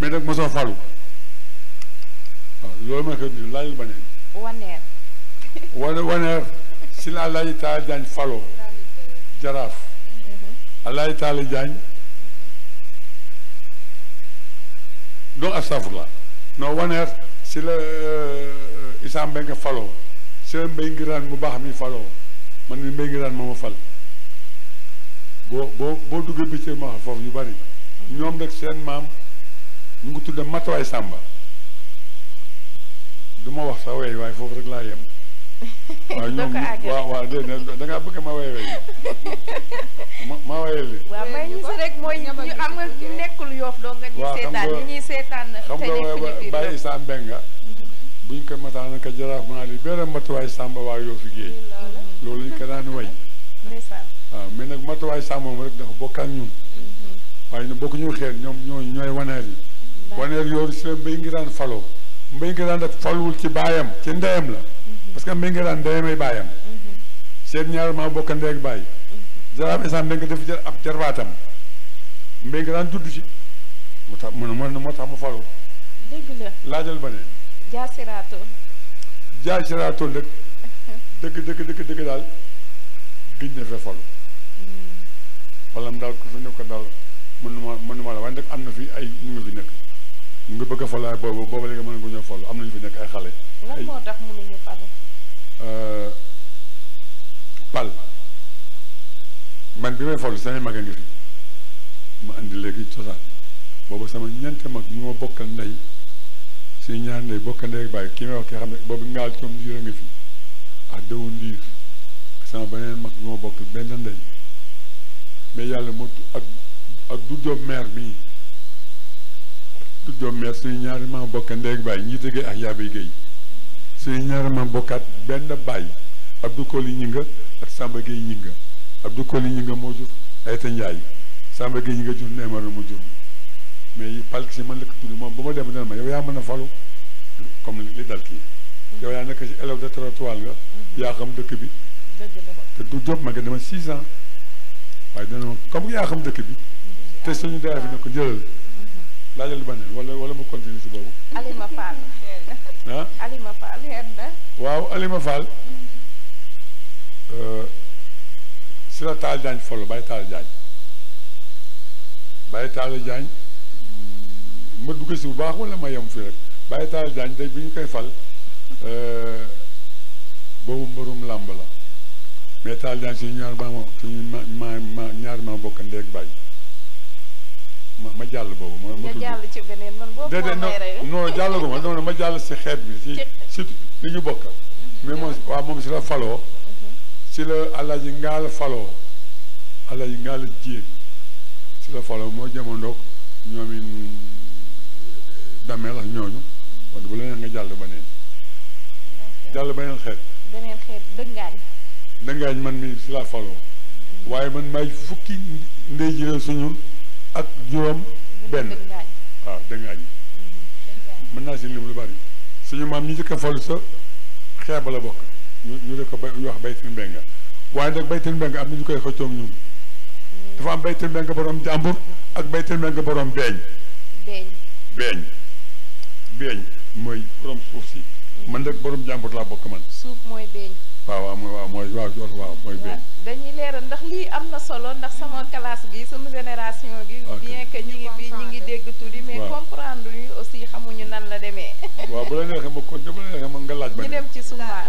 mais nag mosoo falu waaw loolu ma ko di laajul ba neen waneer waneer si laa laaj taal jaañ faloo jaraaf Alaay Taala Jaañ donc astafurla non waneer si la euh, Issa Mbengue faloo si la mbéy ngiraan mu baax mi faloo man mi mbéy ngiraan moo ma fal boo boo boo duggee biccee ma wax foofu yu bari ñoom rek seen maam ñu ngi tudde matawaay sàmba du ma wax sa wey waaye foofu rek laa yem waaw ñoom waaw waaw déedéet da ngaa bëgg ma wayal ma ma wayal li waaw bàyyi Issa Mbenga bu ñu ko mataan naka ma maa li benn matuwaay sàmba waa yoofi géej loolu ñu ko daan way waaw mais nag matuwaay sàmba moom rek dafa bokk ak ñun mm-hmm. waaye bokk ñu xeet ñoom ñoo ñooy waneer yi waneer yooyu si mbay ngi daan faloo mbay ngi daan def falwul ci baayam ci ndeyam la parce que mbéy nga daan ndeyam ay baayam seen ñaar maa bokk ndey ak baay jaraaf instant mbéy nga dafa jël ab jarwaatam mbéy nga daan tudd ci moo tax mu na mu hmm. daal la waaye nag am na fi ay ñu ngi fi nekk ñu ngi bëgg a falaay boobu boobu léegi mën nga ñoo falu am nañu fi nekk ay xale lan moo tax mënuñu falu Euh, pal man bi may follu samay mag a ngi fi ma indi léegi cosaan boobu sama ñeente mag ñu ma bokkal ndey suy ñaar ndey bokkal ndey ak bàyyi ki may wax ki xam ne boobu ngaal coom ndiir a ngi fi ak dëwu ndiir sama beneen mag ñu ma bokkal benn ndey mais yàlla moo ak ak du joob meer mii du joob meer suy ñaari ma bokkal ndey ak bàyyi ñi tëggee ak yaabi géey suñu ñaari maam bokkaat benn bàyyi Abdou Koli Ñinga ak Samba Gueye Ñinga Abdou Koli Ñinga moo jur Ayta Njaay Samba Gueye Ñinga jur Neymar mu jur mais palk si man la ko tudd moom bu ma dem dana ma yow yaa mën a falu comme li dal kii yow yaa nekk ci élève de trottoir nga mhm. yaa xam dëkk bi te du job ma nga dama six ans waaye dana ma comme yaa xam dëkk bi mhm. te suñu dara fi ne ko jëlal mhm. laajal baneen wala wala mu continuer si boobu yow Alima Fall euh, si la Talla Diagne folo Baye Talla Diagne Baye Talla Diagne ma dugg si bu baax wala ma yem fi rek Baye Talla Diagne day bi ñu koy fal euh, boobu mbërum làmb la mais Talla Diagne si ñaar ma suñu ma ma ma ñaar ma bokk ndeeg bàyyi ma ma jàll boobu. ma ma jàll ma jàll si xeet bi si si ñu bokk. mais moom waaw moom si la faloo si la Alaaji Ngaal faloo Alaaji Ngaal Jéen si la faloo moo jamondoog ñoomin dameel ak ñooñu kon bu la neex nga jàll beneen jàll ba xeet beneen xeet dëngaañ dëngaañ man mi si la faloo mm. waaye man may fukki ndey jële ak juróom benn waaw dëngaañ mm-hmm. mën naa si lim lu bari suñu maam ñi jëkk falu sa xeeba la bokk ñu ñu ne ko bay wax baytil mbenga waaye nag baytil mbenga am ñu koy ñun dafa am baytin mbenga borom jàmbur ak baytin mbenga borom beeñ beeñ beeñ mooy borom suuf si mm. man nag borom jàmbur laa bokk man suuf mooy beeñ waaw moy, waaw moy, waaw jox waaw mooy beeñ dañuy leeral ndax lii solo ndax sama classe gi sunu génération gi bien que ñi ngi fii ñi ngi dégg tuddi mais comprendre ñu aussi nan la waaw bu la neexee ma compté bu la neexee ma nga laaj ba. ñu dem ci Sumbar.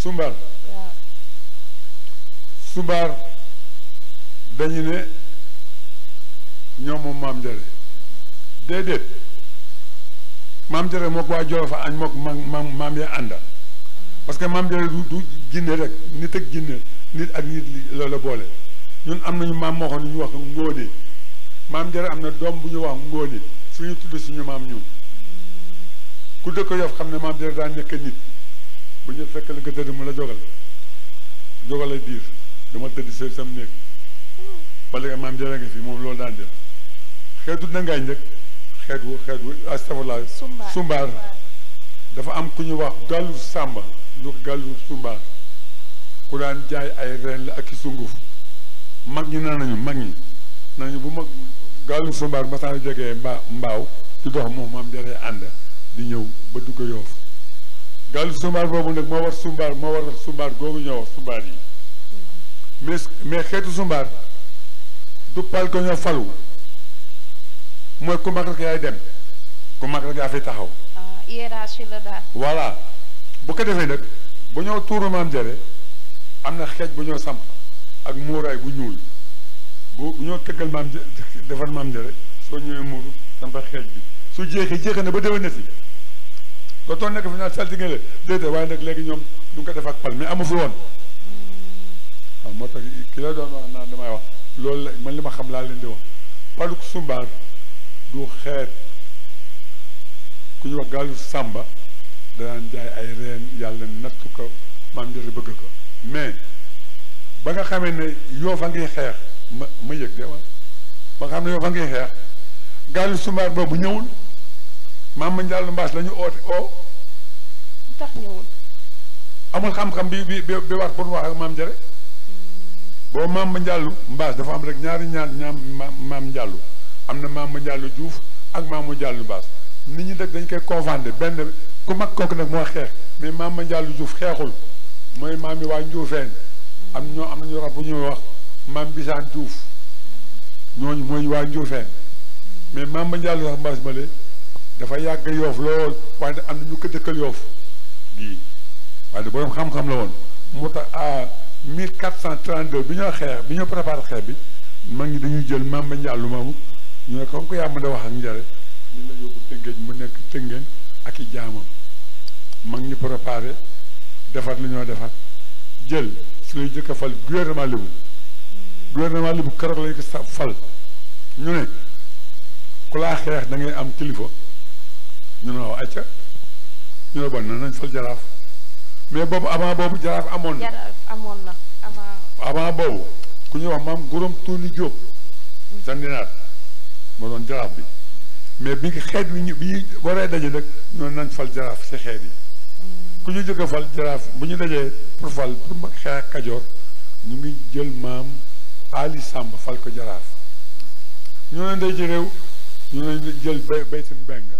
Sumbar. waaw. Sumbar dañu ne ñoom moom maam Jare déedéet maam Jare mook waa Jolof añ mook maam maam ya ànda parce que maam Jare du du jinne rek nit ak jinne nit ak nit li loola boole ñun am nañu maam moo xam ne ñu wax ngóone maam Jare am na doom bu ñu wax ngóone suñu tudd suñu maam ñun. ku dëkk Yoff xam ne maam Jaara daan nekk nit bu ñu fekk la nga tëdd mu la jogal jogal ay diir dama tëdd sam néeg parce que maam Jaara nga fi moom loolu daan def xeetu nangaañ rek xeet wu xeet wu astafurlaa sumbaar dafa am ku ñu wax gàllu sàmba ñu gàllu sumbaar ku daan jaay ay reen la ak i sunguf mag ñi na nañu mag ñi nañu bu mag gàllu sumbaar masaan jegee mbaa mbaaw di dox moom maam Jaara ànd di ñëw ba dugg yoof gaalu sumbaar boobu nag moo war sumbaar moo war sumbaar googu ñoo wax sumbaar yi mais mais xeetu sumbaar du pal ko ñoo falu mooy ku mag rek yaay dem ku mag rek yaa fi taxaw ah, hiérarchie voilà bu ko defee nag bu ñoo tuuru maam jare am na xeej bu ñoo samp ak muuraay bu ñuul bu bu ñoo tëggal maam defar soo ñëwee muuru samp xeej bi su jeexee jeexee na ba déwén na si ba doon nekk fi naan saltige la déedéet waaye nag léegi ñoom ñu ngi ko def ak pal mais amu fi woon waaw moo tax ki la doon wax naan damay wax loolu la man li ma xam laa leen di wax paluk sumbaar du xeet ku ñu wax gaalu sàmba danaan jaay ay reen yàlla nattu ko maam njëriñ bëgg ko mais ba nga xamee ne yoo fa ngi xeex ma ma yëg de waaw ba nga xam ne yoo fa ngi xeex gaalu sumbaar boobu ñëwul maam ma njàll mbaas la ñu oote oo tax ñëwul amul xam-xam bi bi bi war pour wax ak maam njare hmm. boo maam ma njàllu mbaas dafa am rek ñaari ñaar ñaam maam njàllu am na maam ma njàllu juuf ak maam ma njàllu mbaas nit ñi nag dañ koy confondre benn ku mag kooku nag moo xeex mais maam ma juuf xeexul mooy maam yi waa njuufeen am ñoo am nañu rab bu ñuy wax maam bisaan juuf ñooñu mooy waa njuufeen hmm. mais maam ma njàllu sax mbaas ma dafa yàgg yoof lool waaye am na ñu ko dëkkal yoof gii waaye da boroom xam-xam la woon mu tax à 1432 bi ñoo xeex bi ñoo préparé xeex bi ma ngi dañuy jël Mamba Ndiallu maamu ñu ne comme que yaa mën a wax ak njare ñu la yóbbu tëngéej mu nekk tëngéej ak i jaamam mag ñi préparé defar li ñoo defar jël su lay jëkk fal gouvernement Lebu gouvernement Lebu keroog lañu ko fal ñu ne ku laa xeex da ngay am kilifa ñu ne waaw acca ñu ne bon na nañ fal jaraaf mais boobu avant boobu jaraaf amoon na amoon na avant boobu ku ñuy wax maam Gorom Tuuli Jóob sandinaat moo doon jaraaf bi mais bi xeet bi ñu bi ñu waree daje nag ñoo nañ fal jaraaf ci xeet yi mm. ku ñu jëkk fal jaraaf bu ñu dajee pour fal pour ma xeex kajoor ñu ngi jël maam Ali Sàmb fal ko jaraaf ñu ne ndey réew ñu ne jël bay baytin benga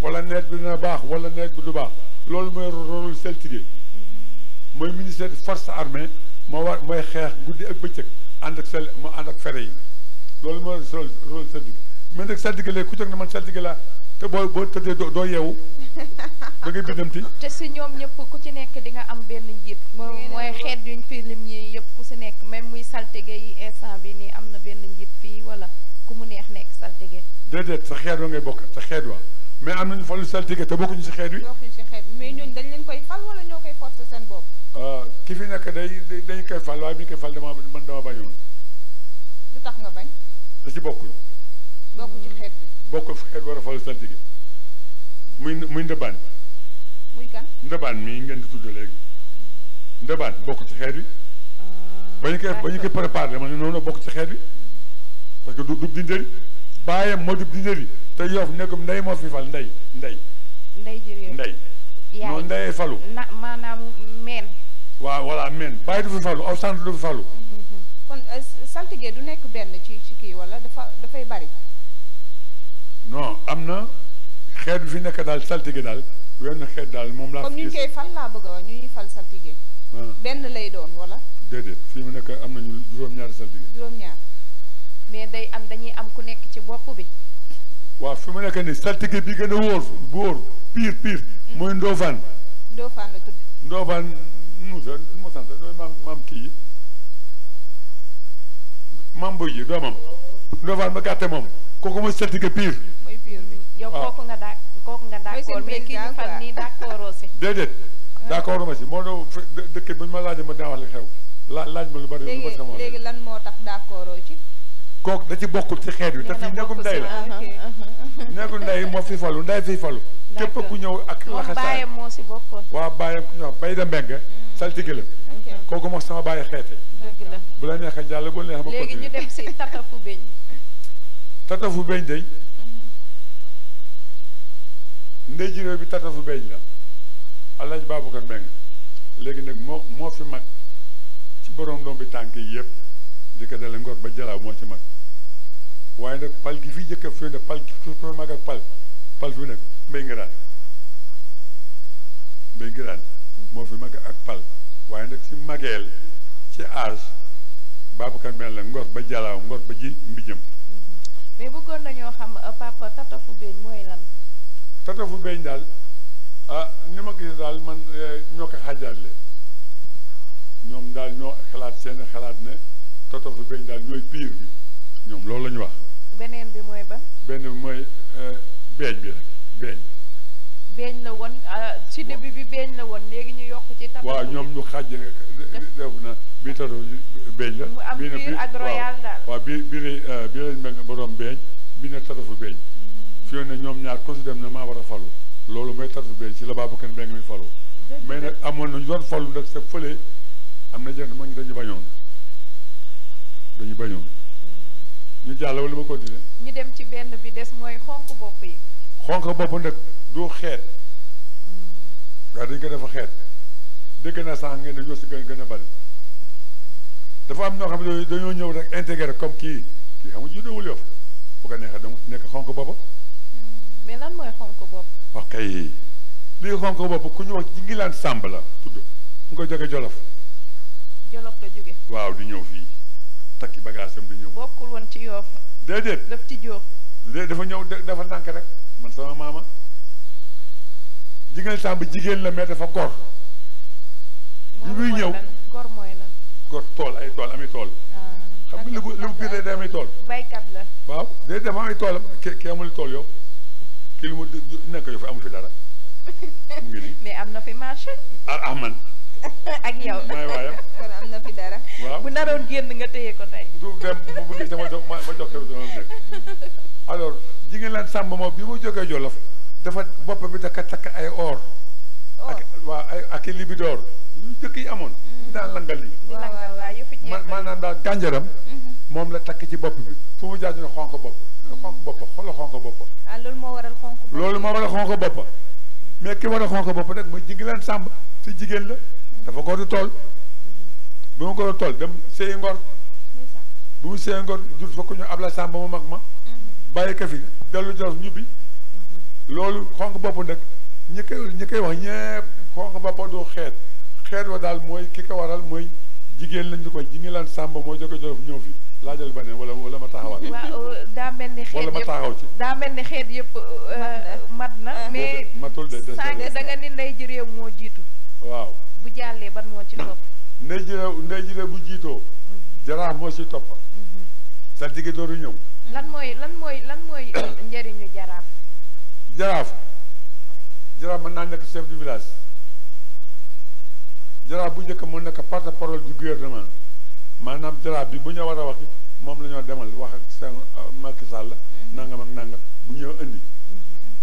wala nawet bi dina baax wala nawet bi du baax loolu mooy rôle saltige mooy ministère des forces armées moo war mooy xeex guddi ak bëccëg ànd ak sel mu ànd ak fere yi loolu mooy rôle rôle saltige mais nag ku jóg na man saltige laa te boo boo tëddee doo yeewu da ngay bindamti te si ñoom ñëpp ku ci nekk di nga am benn njiit moom mooy xeet yuñ fi lim ñi yëpp ku si nekk même muy saltige yi instant bi nii am na benn njiit fii wala ku mu neex nekk saltige déedéet sa xeet wa ngay bokk sa xeet wa mais am nañu falu saltige te bokkuñu si xeet wi. si xeet mais ñooñu dañ leen koy fal wala ñoo koy forcer seen bopp. Ah, ki fi nekk day dañ koy fal waaye bi ñu koy fal dama man dama bañul. lu tax nga bañ. da ci bokkul. bokku ci xeet bi. bokkul fi xeet war a falu saltige muy muy ndëbaan. muy kan ndëbaan mi ngeen di tudd léegi. ndëbaan bokk ci xeet wi. Ah, ba ñu koy ba ñu koy préparé ma ne noonu bokk ci xeet wi parce que du du njëriñ. bàyyam moo di jëri te yoof nekkum ndey moo fi fal ndey ndey ndey jëri ndey noonu ndey falu na maanaam meen waaw voilà meen bàyyi du fi falu aw sant du fi falu mhm. kon euh, saltige du nekk benn ci ci kii wala dafa dafay bari non am na xeet bi fi nekk daal saltige daal wenn xeet daal moom laa. comme ñu koy fal laa bëgg a wax ñuy fal saltige. Ah. benn lay doon wala. déedéet fii mu nekk am nañu juróom-ñaari saltige. juróom mais day am dañuy am ku nekk ci bopp bi waaw fi mu nekk ni saltige bi gën a wóor wóor piir piir mooy Ndofane Ndofane la tudd Ndofane Moussa mu sant dooy maam maam kii yi maam boy doomam Ndofane ba gàtte moom kooku mooy saltige piir mooy piir kooku nga daa kooku nga d'accord mais kii ñu ma si moo dëkk bu ñu ma laajee ma daa wax li xew laaj ma lu bari léegi lan moo tax d'accord ci kooku da ci bokkul ci xeet wi te fii neegum ndey la ah, neegum ndey moo fi falu ndey fi falu képp ku ñëw ak laxasaay waaw bàyyam ku ñëw wax bay da mbeng mm. saltige la kooku moo sama bàyyi xeete bu la neexee jàll bu la neexee ma léegi ñu dem si tatafu beñ tatafu beñ day mm-hmm. ndey ji réew bi tatafu beñ la alaaj Babacar Mbeng léegi nag moo moo fi mag ci borom doom bi tànk yi yëpp di ko dale ngor ba jalaaw moo ci mag waaye nag pal gi fi jëkk fi ne pal ko mag ak pal pal fi nag mbay ngiraan mbay ngiraan moo fi mag ak pal waaye nag ci mageel ci âge Babacar mel ngor ba jalaaw ngor ba ji mbijëm mais bëggoon nañoo xam euh, papa tatafu beeñ mooy lan tatafu beeñ daal ah ni ma gis daal man euh, ñoo ko xaajaatle ñoom daal ñoo xalaat seen xalaat ne tatafu beeñ daal ñooy piir bi ñoom loolu la ñu wax. beneen bi mooy ban. benn bi mooy euh, beeñ bi rek beeñ. beeñ la woon euh, ci début bi beeñ la woon léegi ñu yokk ci. tato ñoom ñu xàjj na bi beeñ la. mu am biir ak royal daal waaw bi bi euh, bi lañ mel beeñ bi ne tato fu beeñ. Mm. fi ne ñoom ñaar ko si dem na maa war a falu loolu mooy tato fu beeñ si la Babacar Mbengue mi falu. mais nag amoon na ñu doon falu nag sa fële am na jenn mag ñi dañu bañoon dañu bañoon. ñu jallaw li ma dire ñu dem ci benn bi dess moy xonku bop yi xonku bop nak du xet da dañ ko dafa xet deug na sax ngeen ñu ci gën gëna bari dafa am ñoo xam ne dañoo ñëw rek intégrer comme ki amu ci juddewul yof bu ko nexe dama nek xonku bop mm. mais lan moy xonku bop ok li xonku bop ku ñu wax ngi laan la tuddu ngi ko jóge jolof jolof la jóge waaw di ñëw fii takki bagage am di ñëw. bokkul woon ci yoof déedéet daf ci jóox. déedéet dafa ñëw dafa ndànk rek man sama maama jigéen sàmb jigéen la mais dafa gor. bi muy ñëw gor mooy la gor tool ay tool ami tool. Ah, xam nga li bu li bu pire day tool. baykat la. waaw day dafa amee toolam ke ke amul tool yow kii lu mu nekk yow fi amu fi dara mu ngi nii. mais am na fi marché. ah ah man. ak yow. na fi dara. waaw bu naroon génn nga téye ko tey. du dem bu bëggee ma jox ma jox ko nekk alors jigéen lan sàmba moom bi mu jógee Jolof dafa bopp bi dafa takk ay or. ak waa ay ak libidoor yu jëkk yi mm-hmm. ma maanaam daal gànjaram. Mm-hmm. moom la takk ci bopp bi fu mu jaajëfal xonk bopp xonk bopp xoolal xonk bopp. ah loolu moo waral xonk bopp. loolu moo waral xonk bopp mais ki waral xonk bopp rek mooy jigéen lan sàmba si jigéen la. dafa góor tool bi ma góor tool dem sëyi ngor bu mu sëyi ngor jur fa ko ñu abla sàmm ba mu mag ma mhm. bàyyi ka fi dellu jolof ñubbi mhm. loolu xonq bopp nag ñi koy ñi koy wax ñëpp xonq bopp du xeet xeet wa daal mooy ki ko waral mooy jigéen lañ di ko ji ngi lan sàmba moo jóge jolof ñëw fi laajal beneen wala wala ma taxawal. waaw euh, mel ni xeet yëpp wala ma taxaw daa mel ni xeet yëpp euh, mat na. matul ah. matul de mais sànq ni ndey ji moo jiitu. waaw. bu jàllee ban moo ci topp ndey jire ndey jire bu jiitoo jaraaf moo ci topp saltige lan moy lan moy lan moy njëriñu jaraaf jaraaf jaraaf mën naa nekk chef du village jaraaf bu njëkk moo nekk porte-parole du gouvernement maanaam jaraaf bi bu ñu war a wax moom la ñoo demal wax ak seen euh, Macky Sall mhm. nangam ak nangam bu mhm.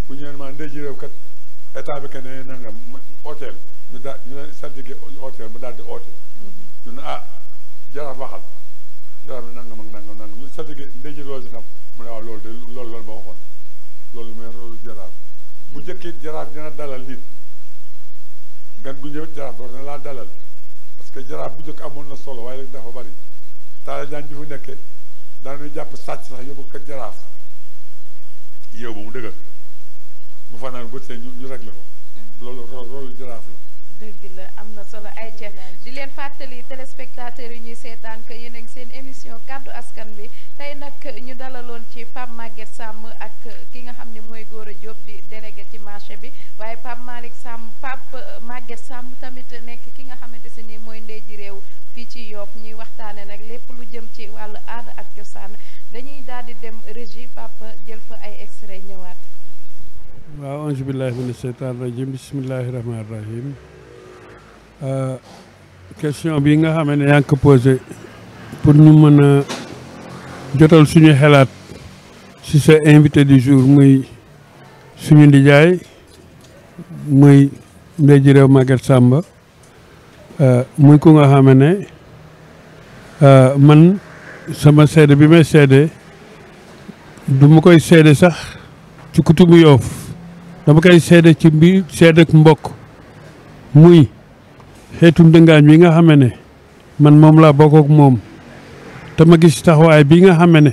bu kat état bi nangam hôtel ñu daal ñu ne saltige ooteel mu daal di oote mm-hmm. ñu ne ah jaraaf waxal jaraaf ne nangam ak nangam nangam ñu saltige ndey ji loolu si xam mu ne waaw loolu de loolu loolu ma waxoon loolu mooy rôle jaraaf bu njëkkee jaraaf dina dalal nit gan laa dalal parce que jaraaf bu njëkk amoon na solo waaye rek dafa bari taale daan bi fu nekkee daanu jàpp sàcc sax yóbbu ko jaraaf yow bu mu dëgër mu fanaan bët seen ñu ñu réglé ko mm-hmm. loolu rôle jaraaf la dëgg la am na solo ay ca di leen fàttali téléspectateurs yu ñuy seetaan que yéen a ngi seen émission kàddu askan bi tey nag ñu dalaloon ci Pape Maguette sàmm ak ki nga xam ne mooy góor a jot di délégué ci marché bi waaye Pape Malick sàmm Pape Maguette sàmm tamit nekk ki nga xamante si ni mooy ndey ji réew fii ci Yoff ñuy waxtaane nag lépp lu jëm ci wàll aada ak cosaan dañuy daal di dem régie Papa jël fa ay extrait ñëwaat waaw ange billahi mina sheytaan rajim bismillahi rahmaani Euh, question bi nga xam ne yaa ngi ko posé pour ñu mën a jotal suñu xalaat si sa invité du jour muy suñu jaay muy Ndeye Ji Réew sàmba Samba euh, muy ku nga xam ne euh, man sama seede bi may seede du ma koy seede sax ci kutubu yoof dama koy seede ci mbir seede mbokk muy xeetum dëngaañ bi nga xame ne man moom laa bokk moom te ma gis taxawaay bi nga xame ne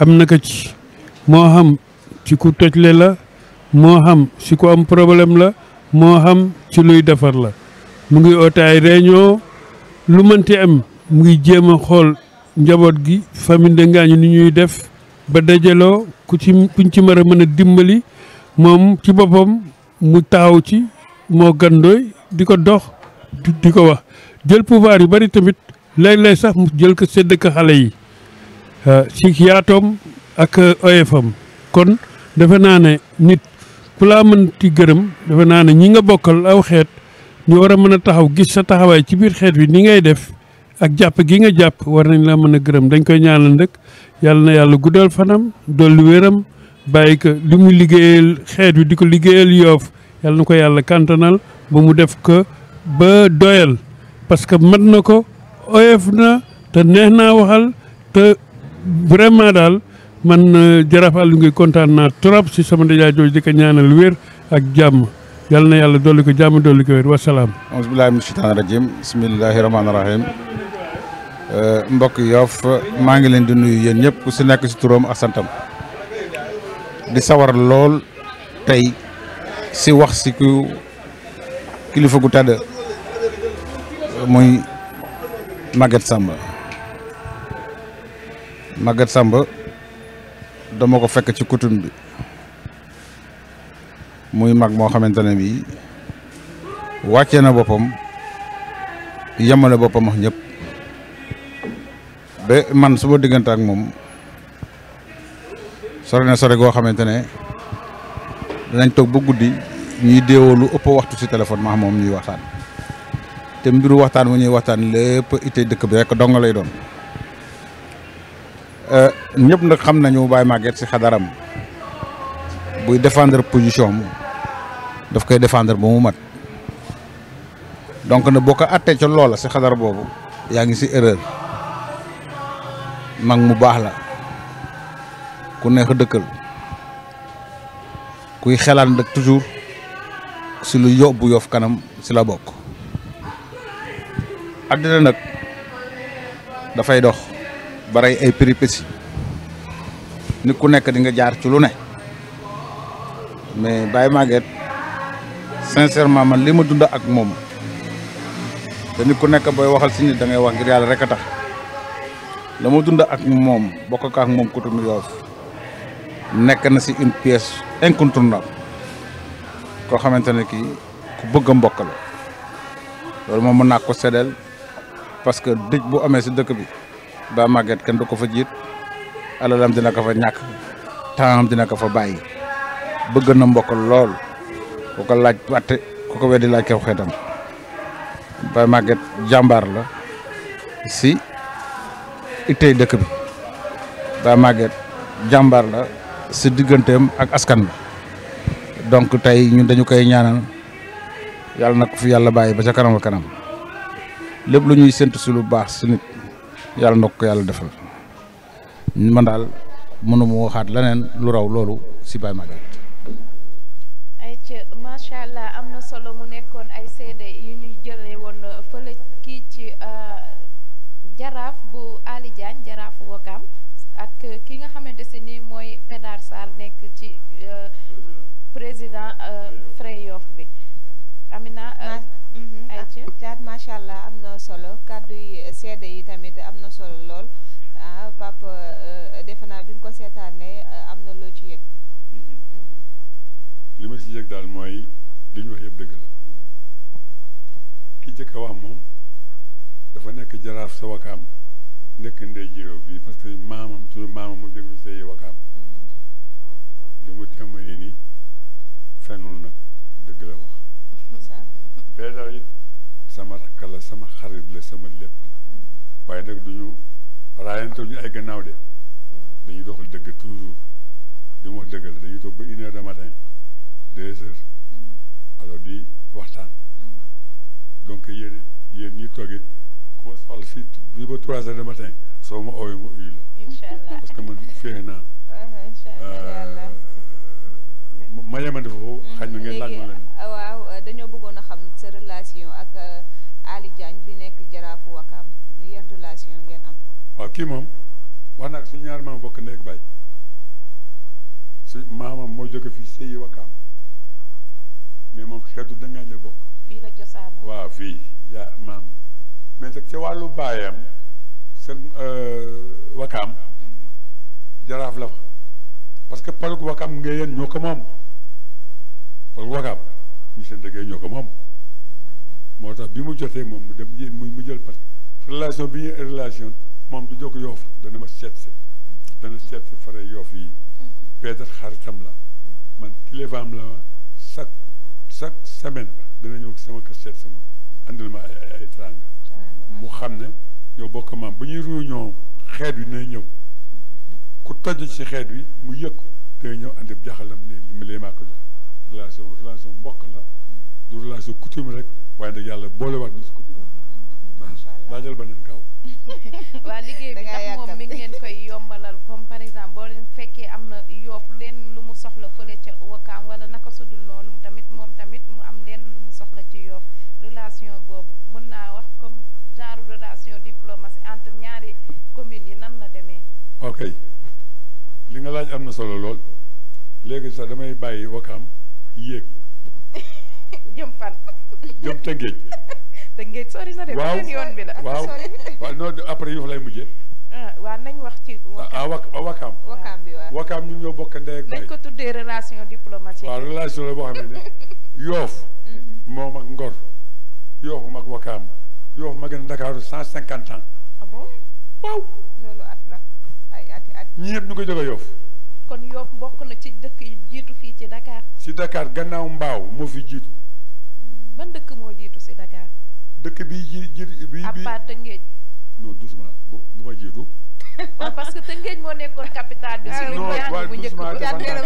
am na ko ci moo xam ci ku tojle la moo xam si ku am problème la moo xam ci luy defar la mu ngi oote ay réunion lu mënti am mu ngi jéem a xool njaboot gi famille dëngaañu ni ñuy def ba dajaloo ku ci kuñ ci mën a mën a dimbali moom ci boppam mu taxaw ci moo gandooy di ko dox di ko wax jël pouvoir yu bari tamit léeg-léeg sax mu jël ko sédd ko xale yi ci yaatoom ak uh, oyefam kon defe naa ne nit ku laa mën mënti gërëm defe naa ne ñi nga bokkal aw xeet ñu war a mën a taxaw gis sa taxawaay ci biir xeet wi ni ngay def ak jàpp gi nga jàpp war nañ laa mën a gërëm dañ koy ñaanal rek yàlla na yàlla guddal fanam dolli wéram bàyyi ko li mu liggéeyal xeet wi di ko liggéeyal yoof yàlla na ko yàlla kantanal ba mu def ko ba doyal parce que mat na ko oyof na te neex naa waxal te vraiment daal man euh, jarafal ngi kontaan naa trop si sama ndajaay jooju di ko ñaanal wér ak jàmm yàlla na yàlla dolli ko jàmm dolli ko wér wasalaam ausbillahi min shaitan rajim bismillahi rahmaani rahim euh, mbokk yoof maa ngi leen di nuyu yéen ñëpp ku si nekk si turam ak santam di sawar lool tey si wax si ku kilifa gu tàdd muy maget samba maget samba dama ko fekk ci kutum bi muy mag mo xamantene bi wacce na bopam yamale bopam wax ñep be man su ma ak mom sore na sore go xamantene dañ tok bu guddii guddi ñuy déewoo ëpp waxtu si téléphone ma mom ñuy waxtaan té mbiru waxtaan wu ñuy waxtaan lepp ité dëkk bi rek dong lay doon eh, ñëpp nak xam nañu Baye Maguette ci xadaram buy défendre position mu daf koy défendre bu mu mat donc na boka atté ci loolu ci xadar bobu yaa ngi erreur mag mu baax la ku neex dëkkal kuy xelal nak toujours ci lu yobbu yof kanam ci la bokk nak da fay dox baray ay péripéties ni ku nek di nga jaar ci lu ne mais Baye maget sincèrement man lima dund ak moom da ni ku nek boy waxal si da ngay wax ngir yalla rek tax lama dund ak moom bokk ak ko tunu Yoff nek na si une pièce incontournable ko xamantene ki ku bëgg mbokk la loolu moom ko sédel parce que dëj bu amé ci dëkk bi ba magget kën du ko fa jiit alalam dina ko fa ñak taam dina ko fa bayyi bëgg na mbokk lool ko ko laaj watte ko ko laaj xétam ba magget jambar la si ité dëkk bi ba magget jambar la si digëntem ak askan bi donc tay ñun dañu koy ñaanal yalla nak fu fi yàlla ba ca kanam kanam lépp lu ñuy séntu si lu baax si nit yàlla na ko yàlla defal man daal mënu mu waxaat leneen lu raw loolu si Baye ay ayca macha allah am na solo mu nekkoon ay seede yu ñuy jële woon fële kii ci euh, jaraaf bu Ali Diagne jaraaf Wokam ak ki nga xamante si ni mooy Pédar Sarr nekk ci euh, président euh, Frey Yoff bi Amina. ayca mhm, ah, macha allah. solo kàddu yi eh, seede yi tamit am na solo lool ah eh, defe naa bi nga ko seetaanee eh, am na loo ci yëg. Mm-hmm. li ma ci yëg daal mooy li ñu wax yëpp dëgg la ki jëkk wax moom dafa nekk jaraaf sa wakaam nekk ndey bi parce que maamam suñu maamam mu jóge say wakaam mm-hmm. li mu témoigné ni fennul nag dëgg la wax. sama rakk la sama xarit la sama lépp la waaye nag duñu raayante ñu ay gannaaw de dañuy doxal dëgg toujours di mu wax dëgg la dañuy toog ba une heure de matin deux heures alors di waxtaan donc yéen yéen ñi toog it ku ma soxla fii fii ba trois heures de matin soo ma oowee ma uyu la. parce que man féex naa. incha allah euh, ma yemandi foofu xaj na ngeen laaj ma leen. ki mom moom wax nag suñu ñaar ma bokk néeg bay su mama mo jóge fi sey wakam mais moom da nga la bokk fi la cosaanoo wa fi ya mam mais ci walu bayam se euh wakam jaraaf la parce que palug wakam ngéyeen ñoo ko moom palug wakkaam ñi seen dege ñoko mom motax bi mu jotee moom mu dem mu jël parce que relation bi relation moom du jóg yoof dana ma seet si dana seet si fare yoof yi Pédar xaritam la man am la sak chaque semaine dana ñëw sama kër seet sama andil ma ay ay tranga mu xam ne ñoo bokk maam bu ñuy réunion xeet wi dina ñëw ku toj ci xeet wi mu yëg dana ñëw andi jaxalam ne li mu lee ko jox relation relation mbokk la du relation coutume rek waaye nag yàlla boolewaat ñu si coutume laajal beneen kaw waa liggéey bi ndax moom mi ngi leen koy yombalal comme par exemple boo leen fekkee am na yoob leen lu mu soxla fële ca wakkaam wala naka sudul noonu tamit moom tamit mu am leen lu mu soxla ci yoob relation boobu mën naa wax comme genre relation diplomatie entre ñaari communes yi nan la demee ok li nga laaj am na solo lool léegi sax damay bàyyi wakkaam yéeg jëm fan jëm te na bi la waaw waaw après lay ah, nañ wax ci. Ah, ah, bi ñoo bokk ndey ak ko relation diplomatique. relation la mhm. ak Ngor. ans. ah bon waaw. at la ay at. ñu ko kon bokk na ci dëkk yi ci Dakar. si Dakar gannaaw mbaaw fi jitu ban dëkk mo jitu ci Dakar. dëkk bi ji ji bi à part Tëngéej non doucement bu ma jiitu waaw parce que Tëngéej moo nekkoon capitale bi. suñu ah, ñaar bu jandeer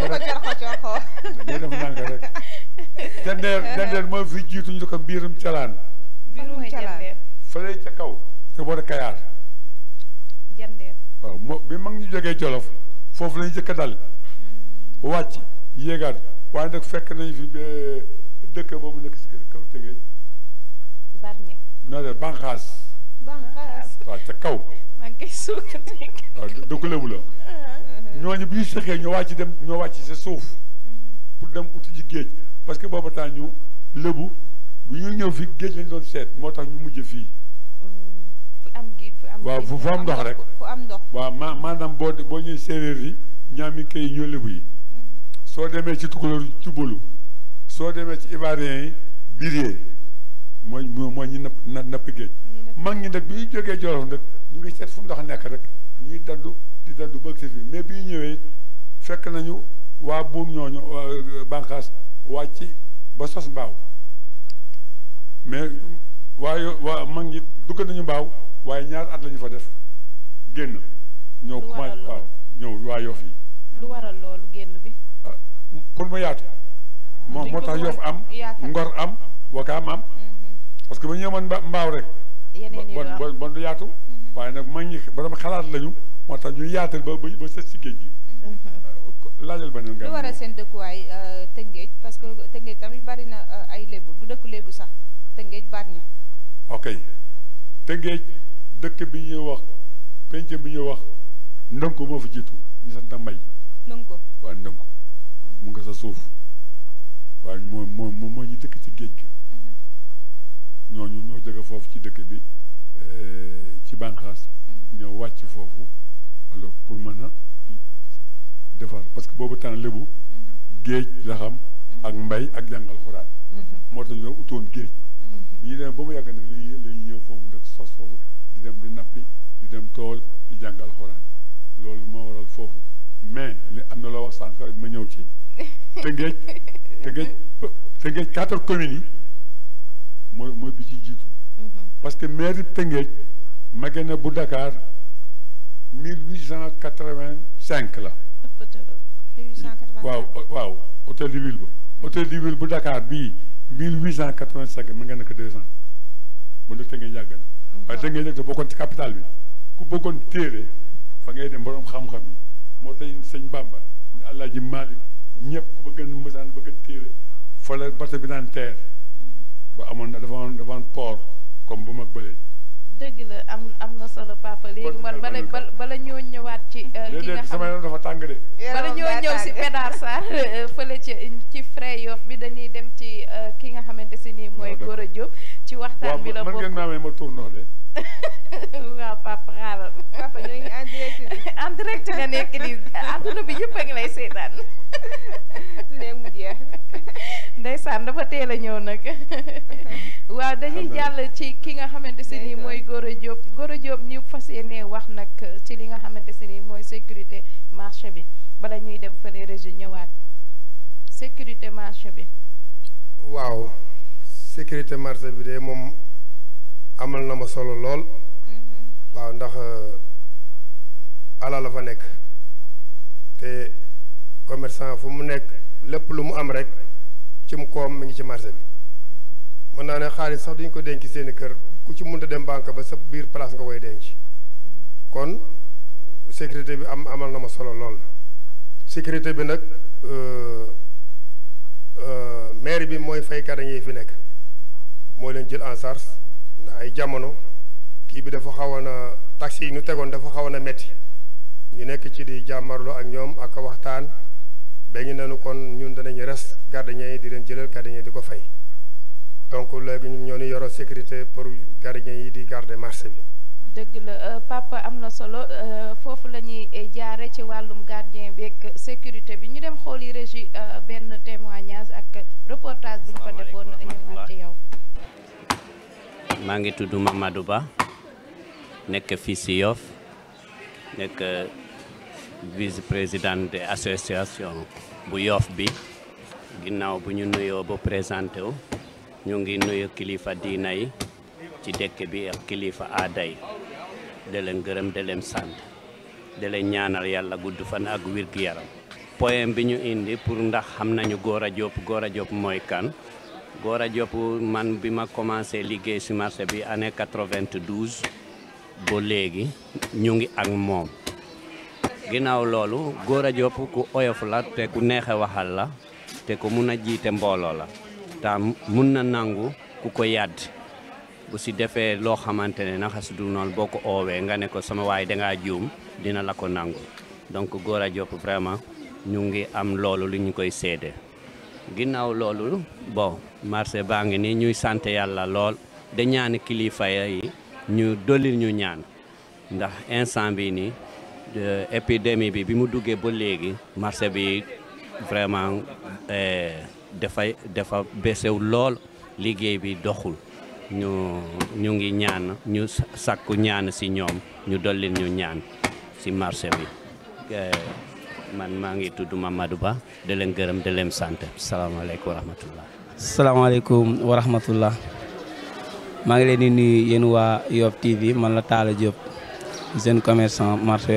jandeer fi jiitu ñu ko biirum calaan. fële ca kaw. te boole Kayaar. jandeer waaw moo bi mag ñu jógee Jolof foofu lañu jëkk a dal. Hmm. wàcc yéegaat waaye nag fekk nañ fi eh, dëkk boobu nekk si kaw Tëngéej. barnya. No, the bankas. Bankas. Waaw ca kaw. maa ngi koy suukar não waaw dugalewu la. ñooñu bi ñu sëqee ñoo wàcc dem ñoo wàcc dem uti ci géej parce que booba temps ñu lébu bu ñu ñëw fi géej lañ ah, doon seet moo tax não uhum. mujj fii. am géej fu não waaw fu am ndox rek. fu am ndox waaw ma maanaam boo boo ñëwee séeréer yi ñaami kay ñoo lébu yi. soo demee ci tukulóor cubalu soo mooy mooy ñu napp na napp géej mag ñi nag bi ñu jógee Jolof nag ñu ngi seet fu ndox nekk rek ñuy dandu di dandu bëgg si fii mais bi ñu ñëwee fekk nañu waa buum ñooñu bànqaas wàcc ba sos mbaaw mais waaye waa mag ñi dugg nañu mbaaw waaye ñaar at lañu fa def génn ñëw commencé yi ah, pour mu yaatu ah, moo tax Yoff am Ngor am Wakaam am mm. parce que ba ñu amoon mbaaw rek. bon bon du yaatu. Mm-hmm. waaye nag mag ñi borom xalaat lañu moo tax ñu yaatal ba ba ba set si géej gi. Mm-hmm. laajal beneen nga lu war a seen dëkkuwaay euh, Tëngéej parce que Tëngéej tamit bari na euh, ay lébu du dëkk lébu sax Tëngéej baat ñi. ok Tëngéej dëkk bi ñuy wax penc bi ñuy wax ndënko moo fi jiitu ñu sant mbay. ndënko waaw ndënko mu nga sa suuf waaye moom moom moo ñu dëkk ci géej gi. ñooñu ñoo jóge foofu ci dëkk bi eh, ci banqaas mm-hmm. ñëw wàcc foofu alors pour mën a defar parce que boobu temps lébu mm-hmm. géej la xam mm-hmm. ak mbay ak jàngal xuraan moo tax ñoo utoon géej bi ñu demee ba mu yàgg ñëw foofu def foofu di dem di nappi di dem tool di jàngal xuraan loolu moo waral foofu mais li am na loo wax sànq ma ñëw ci Tëngéej Tëngéej Tëngéej quatre communes yi mooy mooy bi ci jiitu mm-hmm. parce que maire yi Tëngéej mage bu Dakar mille huit cent quatre-vingt-cinq la waaw waaw hôtel de ville ba mm-hmm. hôtel de ville bu Dakar bii mille huit cent quatre-vingt-cinq nekk deux ans bu nekk Tëngéej yàgg na waaye Tëngéej nag da bokkoon ci capital bi ku bëggoon téere fa ngay dem boroom xam-xam yi moo tey sëñ Bamba Alaaji Maalik ñëpp ku bëgg mësaan bëgg téere fa la bato bi naan teer ko amoon na amoon dafa amoon port bu mag bële. dëgg la am am na solo papa léegi man bala bala ñoo ñëwaat ci. Euh, ki nga xam ne dafa tàng de. bala ñoo ñëw ci euh, ci frais bi dañuy dem ci euh, ki nga xamante si nii mooy Gora Diop. ci waxtaan bi la bokk waaw man ma tournoo de. waaw papa xaaral papa ñoo ngi en direct nga nekk di àdduna bi yëpp a ngi lay seetaan léegi mu jeex. ndeysaan dafa teel a ñëw nag waaw dañuy jàll ci ki nga xamante si nii mooy Gora Diop Gora Diop ñu fas yéenee wax nag ci li nga xamante si nii mooy sécurité marché bi bala ñuy dem fële région ñëwaat sécurité marché bi. waaw sécurité marché bi de moom amal na ma solo lool. Mm-hmm. waaw ndax euh, ala la fa nekk te commerçant fu mu nekk lépp lu mu am rek. ci mu koom mu ngi ci marché bi mën naa ne xaalis sax duñ ko denc seen i kër ku ci mun mënta dem banque ba sa biir place nga koy denc kon sécurité bi am amal na ma solo lool sécurité bi nag euh, euh, maire bi mooy faykat yi fi nekk moo leen jël en charge na ay jamono kii bi dafa xawoon a taxi yi ñu tegoon dafa xawoon a metti ñu nekk ci di jàmmarloo ak ñoom ak waxtaan dañu nanu kon ñun danañu res gardien yi di leen jëlal gardien yi di ko fay donc léegi ñun ñoo ñu yoroo sécurité pour gardien yi di garde marché bi. dëgg la euh, papa am na solo euh, foofu la ñuy euh, jaare ci wàllum gardien beeg sécurité bi ñu dem xooli régie benn témoignage ak reportage bu ñu ko defoon ñëwaat ci yow. maa ngi tudd Mamadou Ba nekk fii si Yoff nekk. vice présidente association bu yoof bi ginnaaw bu ñu nuyoo ba présenté wu ñu ngi nuyu kilifa diina yi ci dëkk bi ak kilifa aada yi da leen gërëm da leen sant da leen ñaanal yàlla gudd fan ak wér-gu-yaram poème bi ñu indi pour ndax xam nañu Gora Diop Gora Diop mooy kan Gora Diop man bi ma commencé liggéey ci marché bi année 92 ba léegi ñu ngi ak moom ginaaw loolu Gora Diop ku oyof la te ku neexe waxal la te ko mun a jiite mbooloo la te mun na nangu ku ko yàdd bu si defee loo xamante ne naxas noon boo ko oowee nga ne ko sama waay dangaa juum dina la ko nangu donc Gora Diop vraiment ñu ngi am loolu lu ñu koy seede ginnaaw loolu bo marché baa ngi nii ñuy sant yàlla lool da ñaan kilifa yi ñu dolli ñu ñaan ndax instant bi Epidemi bi bi mu duggee ba léegi marché bi vraiment dafay eh, dafa bésew lool liggéey bi doxul ñu ñu ngi ñaan ñu sakku ñaan si ñoom ñu dolli ñu ñaan si marché bi eh, man maa ngi tudd Mamadou Ba da leen gërëm da warahmatullah sant salaamaaleykum wa rahmatullah salaamaaleykum Yenua rahmatullah maa ngi leen nuyu yéen waa TV man la Talla Diop jeune commerçant marché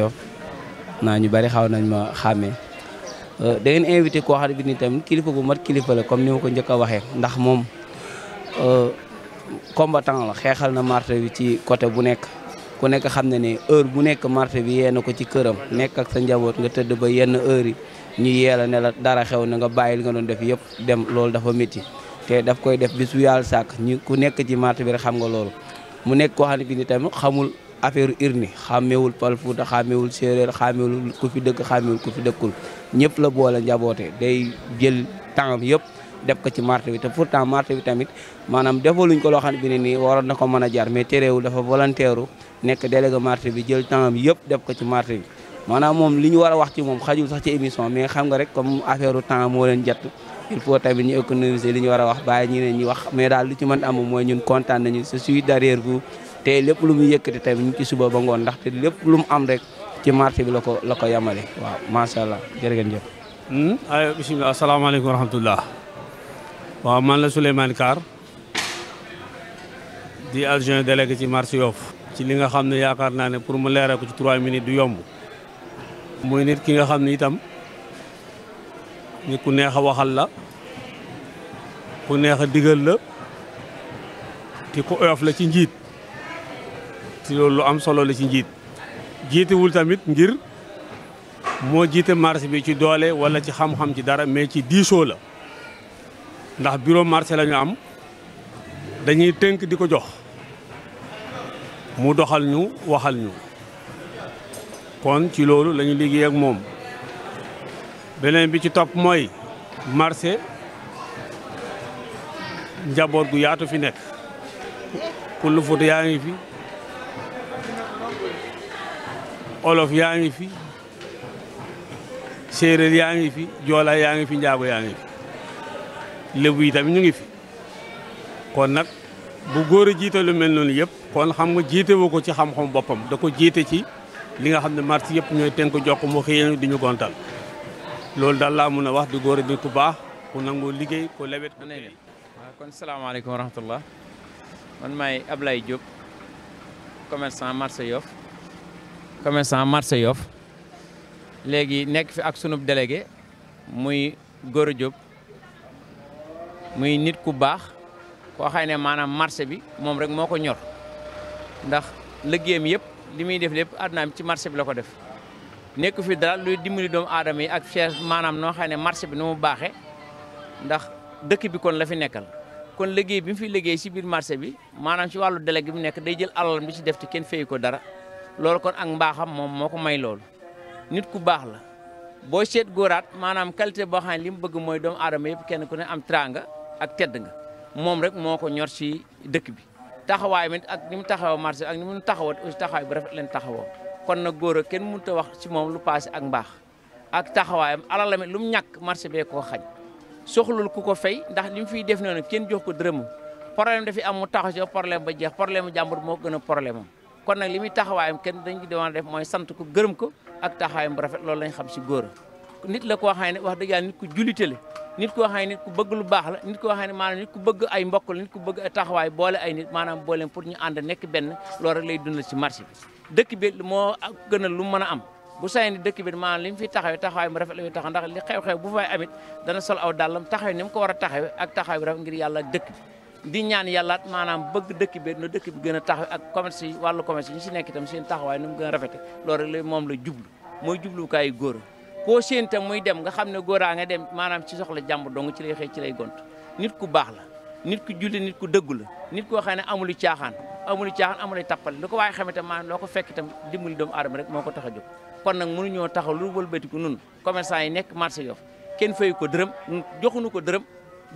naa ñu bari xaw nañ ma xàmmee euh, da ngeen invité koo xam ne bi ni tam kilifa bu mat kilifa la comme ni ma ko njëkk a waxee ndax moom euh, combattant la xeexal na marché bi ci côté bu nekk ku nekk xam ne ne heure bu nekk marché bi yee na ko ci këram nekk ak sa njaboot nga tëdd ba yenn heure yi ñu yee la ne la dara xew na nga bàyyi li nga doon def yëpp dem loolu dafa métti te daf koy def bis bu yàlla ñu ku nekk ci marché bi rek xam nga loolu mu nekk koo xam ne bi affaire urne xàmmewul palfuuta xàmmewul séeréer xàmmewul ku fi dëkk xàmmewul ku fi dëkkul ñëpp la boole njaboote day jël temps yëpp def ko ci marché bi te bi tamit maanaam defaluñ ko loo xam ne bi waroon na ko mën a jar mais tereewul dafa volontaire nekk délégué marché bi jël temps yëpp def ko ci marché bi maanaam moom li ñu war a wax ci moom xajul sax ci émission mais xam nga rek comme affaire u temps moo leen jett il faut tamit ñu économiser li ñu a wax bàyyi ñi ne ñi wax mais daal lu ci mën am mooy ñun kontaan nañu je suis derrière vous te lépp lu muy yëkkati tey ñu ci suba ba ngoon ndaxte lépp lu mu am rek ci marché bi la ko la ko yemale waaw macha allah jërë ngeen jëf. Hmm? waaw man la Souleymane Kar di adjoint ci marché Yoff ci li nga xam ne yaakaar naa ne pour mu leeree ko ci trois minutes du yomb muy nit ki nga xam ne itam nit ku neex a waxal la ku neex a digal la te ku oyof la ci njiit ci loolu lu am solo la ci njiit jiitewul tamit ngir moo jiite marché bi ci doole wala ci xam-xam ci dara mais ci diisoo la ndax buroom marché lañu am dañuy tënk di ko jox mu doxal ñu waxal ñu kon ci loolu lañu ñu liggéey ak moom beneen bi ci topp mooy marché njaboot gu yaatu fi nekk kullu fut yaa ngi fi olof yaa ngi fi séeréer yaa ngi fi joola yaa ngi fi njaago yaa ngi fi lébu yi tamit ñu ngi fi kon nag bu góor a jiite lu mel noonu yëpp kon xam nga jiite woo ko ci xam-xam boppam da ko jiite ci li nga xam ne marché yëpp ñooy tenk jox mu xëy di ñu gontal loolu daal laa mun a wax di góor a di ku baax ku nangoo liggéey ku lewet ku nekk waaw kon salaamaaleykum wa rahmatullah man maay Ablaye Diop commerçant commerçant marché Yoff légui nek fi ak sunub délégué muy Gora Diop muy nit ku bax ko xay manam marché bi mom rek moko ñor ndax liggéem yépp limi def lépp adna ci marché bi lako def nek fi dal luy dimbali doom adam yi ak fiers manam no xam marché bi nu mu ndax dëkk bi kon la fi nekkal kon liggéey bi mu fi liggéey ci biir marché bi manam ci walu délégué bi nekk day jël alal bi ci def ci kenn dara loolu kon ak mbaaxam moom moo ko may loolu nit ku baax la boo seet góoraat maanaam qualité boo xam ne li mu bëgg mooy doomu aadama yëpp kenn ku ne am teraanga ak tedd nga moom rek moo ko ñor si dëkk bi taxawaay mi ak ni mu taxawoo marché ak ni mu taxawoo aussi taxawaay bu rafet leen taxawoo kon na góor kenn mënut a wax si moom lu paase ak mbaax ak taxawaay alal la lu mu ñàkk marché bee koo xañ soxlul ku ko fay ndax li mu fiy def noonu kenn jox ko dërëmu problème dafi am mu taxaw ci ba jeex problème mu jàmbur moo gën a problème am kon nag li muy taxawaayam kenn dañ di doon def mooy sant ko gërëm ko ak taxawaayam bu rafet loolu lañ xam si góor nit la koo xam ne wax dëgg yàlla nit ku julite la nit koo xam ne nit ku bëgg lu baax la nit koo xam ne maanaam nit ku bëgg ay mbokk la nit ku bëgg taxawaay boole ay nit maanaam boole pour ñu ànd nekk benn loolu rek dund dundal si marché bi dëkk bi moo gënal lu mën a am bu sañoon ni dëkk bi maanaam li mu fi taxawee taxawaay mu rafet la muy taxaw ndax li xew-xew bu fay amit dana sol aw dàllam taxawee ni mu ko war a taxawee ak taxawaay bu ngir yàlla dëkk bi di ñaan yàllaat maanaam bëgg dëkk bi no dëkk bi gën a tax ak commerce yi wàllu commerce yi ñu si nekk itam seen taxawaay nu mu gën a rafete loolu rek la moom la jublu mooy jublukaay góor koo seen itam muy dem nga xam ne góor góoraa nga dem maanaam ci soxla jàmm dong ci lay xëy ci lay gont nit ku baax la nit ku julli nit ku dëggu la nit koo xam ne amulu caaxaan amulu caaxaan amulu tappale lu ko waaye xam itam maanaam loo ko fekk itam dimbali doomu aadama rek moo ko tax a jóg kon nag mënuñoo taxaw lu wëlbatiku nun commerçant yi nekk marché Yoff kenn fayu ko dërëm joxunu ko dërëm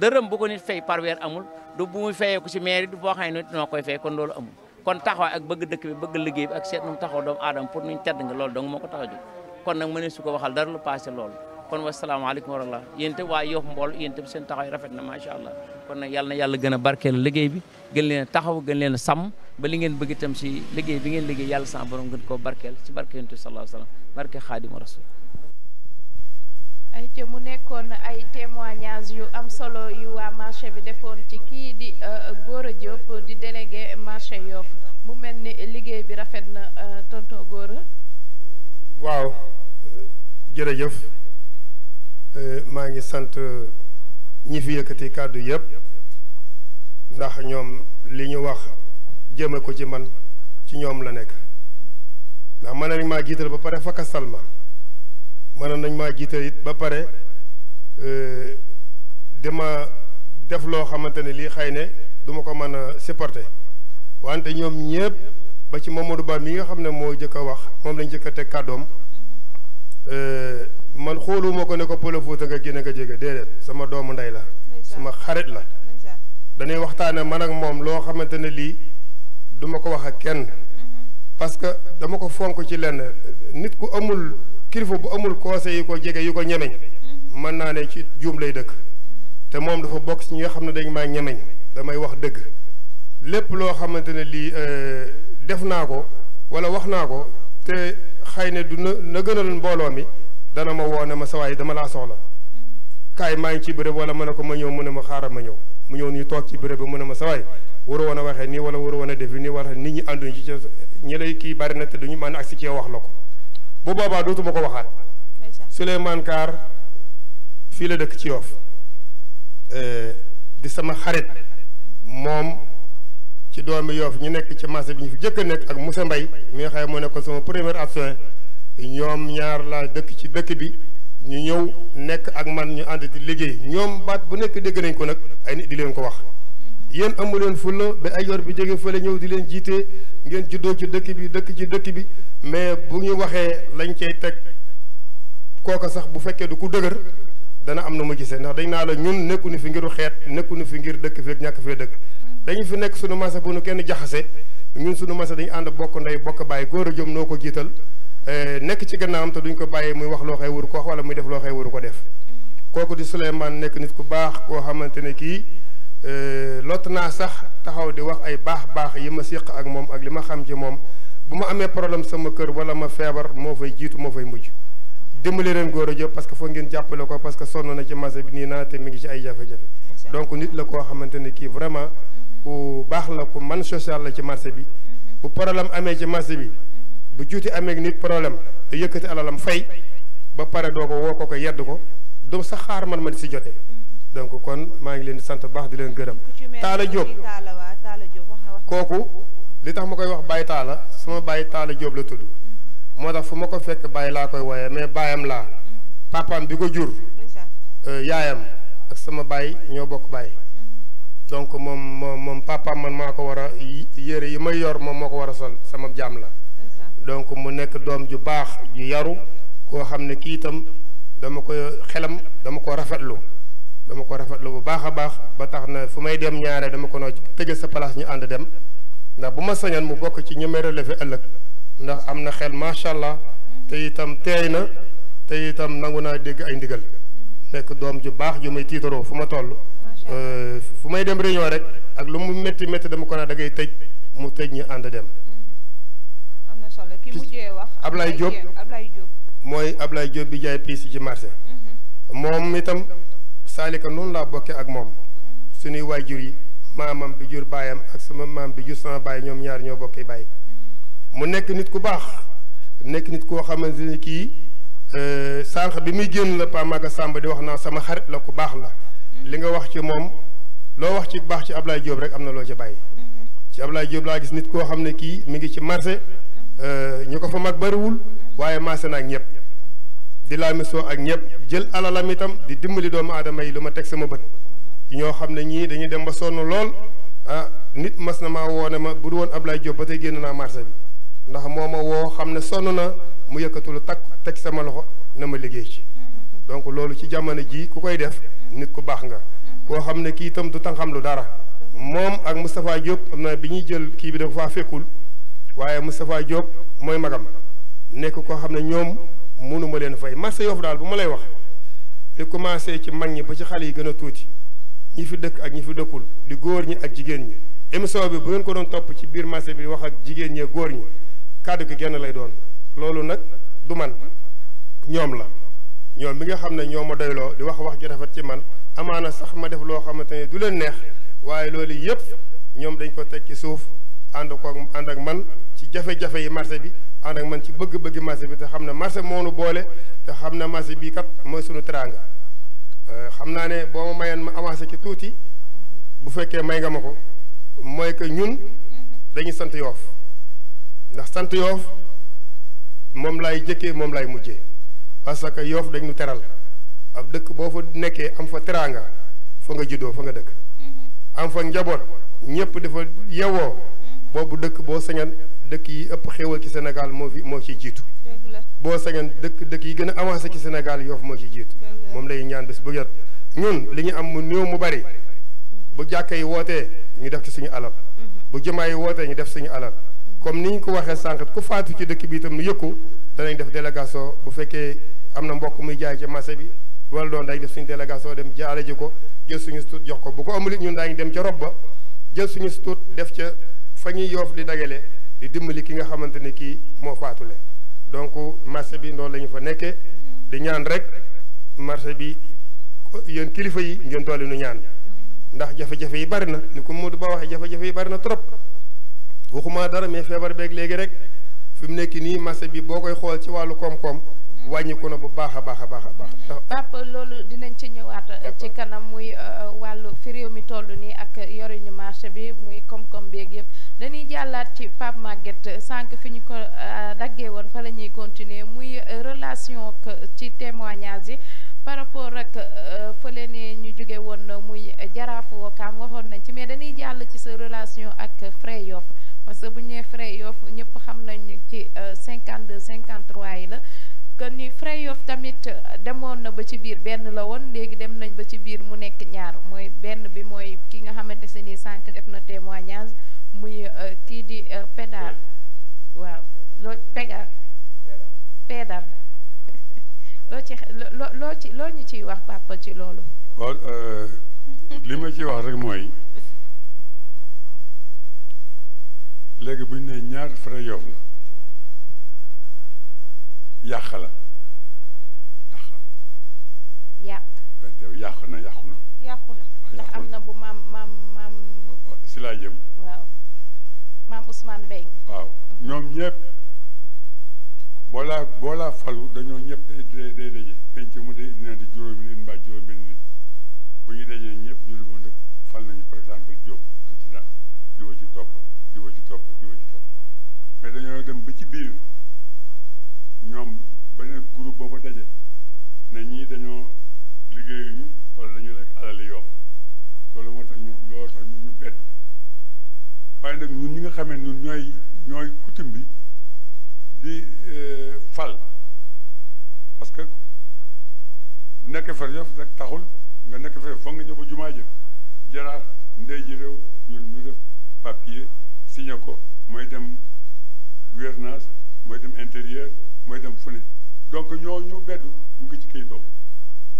dërëm bu ko nit fay par weer amul du bu muy fayee ko ci mairie du boo xam ne noo koy fay kon loolu amul kon taxawaay ak bëgg dëkk bi bëgg liggéey bi ak seet nu mu taxaw doomu aadama pour nuñ tedd nga loolu dong moo ko tax a jóg kon nag mënees su ko waxal dara lu passé loolu kon wasalaamaaleykum wa rahmatulah yéen itam waa Yoff mbool yéen itam seen taxawaay rafet na macha allah kon nag yàlla na gën a barkeel liggéey bi gën leen a taxaw gën leen a sàmm ba li ngeen bëgg itam ci liggéey bi ngeen liggéey yàlla sama borom gën koo barkeel ci barke yonent bi sallallahu alayhi wa sallam barke xaadimu rasul ay mu nekkoon ay témoignage yu am solo yu waa marché bi defoon ci kii di euh, Gora Diop di délégué marché Yoff mu mel ni liggéey bi rafet na euh, tonton Gora waaw euh, jërëjëf maa ngi sant ñi fi yëkkati kàddu yépp ndax ñoom li ñu wax jëme ko ci man ci ñoom la nekk ndax man nañ maa jiital ba pare fakka salma mënoon nañ maa jiite it ba pare euh, dama def loo xamante ne lii xëy ne duma ko mën a supporter wante ñoom ñëpp ba ci Mamadou Ba mi nga xam ne moo jëkk a wax moom lañ jëkk a teg kàddoom euh, man xooluma ko ne ko Pël Fuuta nga génn nga jege déedéet sama doomu ndey la sama xarit la dañuy waxtaane man ak moom loo xamante ne lii duma ko wax ak kenn mm-hmm. parce que dama ko fonk ci lenn nit ku amul kilifa bu amul conseil yu ko jege yu ko ñemeñ mën naa ne ci juum lay dëkk te moom dafa bokk ci ñi nga xam ne dañ maa ñemeñ damay wax dëgg lépp loo xamante ne lii euh, def naa ko wala wax naa ko te xay na du na na gënal mbooloo mi dana ma woo ne ma sawaay dama laa soxla kaay maa ngi ci béréb wala ma ne ko ma ñëw mu ne ma xaaral ma ñëw mu ñëw ñu toog ci béréb bi mu ne ma sawaay waru woon a waxee nii wala war woon a def nii wala nit ñi ànduñ ci ca ñi lay bari na te mën agsi cee wax la ko bu boobaa dootuma ko waxaat Souleymane Kaar fii la dëkk ci Yoff eh, di sama xarit moom ci doomi Yoff ñu nekk ci marché bi ñu fi jëkk a nekk ak Moussa mbay mi nga xam ne moo nekkoon sama premier adjoint ñoom ñaar laa dëkk ci dëkk bi ñu ñëw nekk ak man ñu ànd di liggéey ñoom baat bu nekk dégg nañ ko nag ay nit di leen ko wax yéen amu leen fulla ba ay yor bi jóge fële ñëw di leen jiitee ngeen juddoo ci dëkk bi dëkk ci dëkk bi mais bu ñu waxee lañ cay teg kooka sax bu fekkee du ku dëgër dana am na mu gisee ndax dañ naa la ñun nekkuñu fi ngiru xeet nekku nekkuñu fi ngir dëkk feeg ñàkk fee dëkk dañu fi nekk sunu mase bu nu kenn jaxase ñun sunu mase dañu ànd bokk ndey bokk bàyyi góor a jom noo ko jiital eh, nekk ci am te duñ ko bàyyi muy wax loo xëy waru ko wax wala muy def loo waru ko def mm. kooku nekk nit baax koo xamante ne kii Euh, lot naa sax taxaw di wax ay baax baax yi ma séq ak moom ak li ma xam ci moom bu ma amee problème sama kër wala ma feebar moo fay jiitu moo fay mujj dimbali leen Gora Diop parce que foo ngeen jàppale ko parce que sonn na ci marché bi nii naa te mi ngi ci ay jafe-jafe donc nit la koo xamante ne kii vraiment mm-hmm. ku baax la ku man social la ci marché bi mm-hmm. bu problème amee ci marché bi mm-hmm. bu juuti amee nit problème da yëkkati alalam fay ba pare doo ko woo ko ko ko du sax xaar man ma di si jotee donc kon maa ngi leen di sant baax di leen gërëm taala jóob kooku li tax ma koy wax Baye taala suma Baye taala jóob la tudd moo tax fu ma ko fekk Baye laa koy wooyee mais baayam la papaam bi ko jur euh, yaayam ak sama Baye ñoo bokk Baye donc moom moom moom papaam man maa ko war a yére yi may yor moom moo ko war a sol sama jaam la donc mu nekk doom ju baax ju yaru koo xam ne kii itam dama koy xelam dama ko rafetlu dama ko rafetlu bu baakha a baax ba taxna na fu may dem ñaare dama ko no tege sa place ñu and dem ndax buma ma mu indigal, ci ñi relevé ëlëk ndax amna na ma sha allah te itam teyna te itam nanguna deg ay ndigal nek dom ju baax ju may titoro fuma tollu euh, dem réunion rek ak lu mu metti metti dama ko na dagay ngay mu tëj ñu and dem mm-hmm. amna solo ki jé wax ablay job ablay job moy ablay job bi jay ci marché mom mm-hmm. itam saalika noonu laa bokkee ak moom suñuy jur yi maamam bi jur baayam ak sama maam bi jur sama baay ñoom ñaar ñoo bokkee baay mu nekk nit ku baax nekk nit koo xamante ne kii euh, sànq bi muy génn la Pa Maga Samba di wax naa sama xarit la ku baax la li nga wax ci moom loo wax ci baax ci ablaay Diop rek am na loo ca bàyyi ci Ablaye Diop laa gis nit koo xam ne kii mu ngi ci marché euh, ñu ko fa mag bariwul waaye marché naag ñëpp di laamisoo ak ñëpp jël alalam itam di dimbali doomu aadama yi lu ma teg sama bët ñoo xam ne ñii dañuy dem ba sonn lool ah nit mas na ma woone ma bu du woon Ablaye Diop ba tey génn naa marché bi ndax moo ma woo xam ne sonn na mu yëkkatu lu takk teg sama loxo na ma liggéey ci donc loolu ci jamono ji ku koy def nit ku baax nga koo xam ne kii itam du tànqam lu dara moom ak Moustapha Diop am na bi ñuy jël kii bi dafa faa fekkul waaye Moustapha Diop mooy magam nekk koo xam ne ñoom mënuma leen fay marché Yoff daal bu ma lay wax li commencé ci mag ñi ba ci xale yi gën a tuuti ñi fi dëkk ak ñi fi dëkkul di góor ñi ak jigéen ñi émission bi bu ngeen ko doon topp ci biir marché bi wax ak jigéen ñee góor ñi kàddu gi genn lay doon loolu nag du man ñoom la ñoom bi nga xam ne ñoo ma doyloo di wax wax ji rafet ci man amaana sax ma def loo xamante ne du leen neex waaye loolu yëpp ñoom dañ ko teg ci suuf ànd ko ànd ak man ci jafe yi marché bi ànd ak man ci bëgg-bëgg marché bi te xam ne marché moo nu boole te xam na marché bii kat mooy sunu teraanga euh, xam naa ne boo ma mayoon ma avancé ci tuuti bu fekkee may nga ma ko mooy que ñun dañuy sant yoof ndax sant yoof moom lay jëkkee moom lay mujjee parce que yoof dañ nu teral ab dëkk boo fa nekkee am fa teraanga fa nga juddoo fa nga dëkk mm-hmm. am fa njaboot ñëpp dafa yewoo bobu dekk bo sañan dekk yi ëpp xewal ci Sénégal mo fi mo ci jitu bo sañan dekk dekk yi gëna a avancé ci Sénégal yof mo ci jitu mom lay ñaan bes bu jot ñun li ñu am mu néew mu bari bu jakkay yi ñu def ci suñu alal bu jëmaay yi ñu def suñu alal comme niñ ko waxee sank ku faatu ci dekk bi itam nu yëkku danañ def délégation bu fekkee amna mbokk muy jaay ci marché bi wal doon dañ def suñu délégation dem jaale ji ko jël suñu suut jox ko bu ko amul ñun daañu dem ci robba jël suñu suut def ci fa ñuy yoof di dagale di dimbali ki nga xamante ni kii moo faatule donc marché bi noonu lañu fa nekkee di ñaan rek marché bi yéen kilifa yi ngeen toll nu ñaan ndax jafe-jafe yi bari na ni ko Modou Ba waxee jafe-jafe yi bari na trop waxuma dara mais feebar beeg léegi rek fi mu nekk nii marché bi boo koy xool ci wàllu koom-koom. wàññiku na bu baax a baax a baax a baax. Pape loolu dinañ ci ñëwaat. Uh, ci kanam muy uh, wàllu fi réew mi toll nii ak yoruñu marché bi muy koom-koom beeg yëpp dañuy jàllaat ci Pape Maguette uh, sànq fi ñu ko daggee woon fa la ñuy continuer muy relation ci témoignage yi. par rapport ak fële ne ñu jóge woon muy jaraafu Wakaam waxoon nañ ci mais dañuy jàll ci sa relation ak Fray Yoff parce que bu ñu nee Fray Yoff ñëpp xam nañ ci cinquante deux cinquante trois yi la que ni Fra tamit euh, demoon na ba ci biir benn la woon léegi dem nañ ba ci biir mu nekk ñaar mooy benn bi mooy ki nga xamante se ni sànq def na témoignage muy euh, kii di euh, Pédar waaw loo Pédar Pédar loo ci loo loo ci loo ñu ciy wax papa ci loolu. waaw li ma ciy wax rek mooy. léegi bu ñu nee ñaar Fra la. yàq la yàq yàq yakhuna, yakhuna. Yakhuna. yàqu na yàqu na ndax am na bu maam maam maam oh, oh, si laa jëm waaw maam Ousmane Mbaye waaw ñoom ñëpp boo laa boo laa falu dañoo ñëpp day day daje penc mu de dina di juróomi nit mbaa juróom benn nit bu ñu dajee ñëpp ñu li mën fal nañu par exemple Diop président diwa ci topp diwa ci topp diwa ci topp mais dañoo dem ba ci biir ñoom beneen groupe boobu daje ne ñii dañoo liggéeyuñu wala dañu lekk alali yoo loolu moo tax ñu loolu ñi nga xamee ñun ñooy ñooy coutume bi di euh, fal parce que nekk fa yof nga nekk fa foog nga ñëw ba jumaa jë jaraaf ndey ji réew ñu def papier signé ko mooy dem gouvernance mooy dem intérieur mooy dem fu ne donc ñu beddu mu ngi ci këyit boobu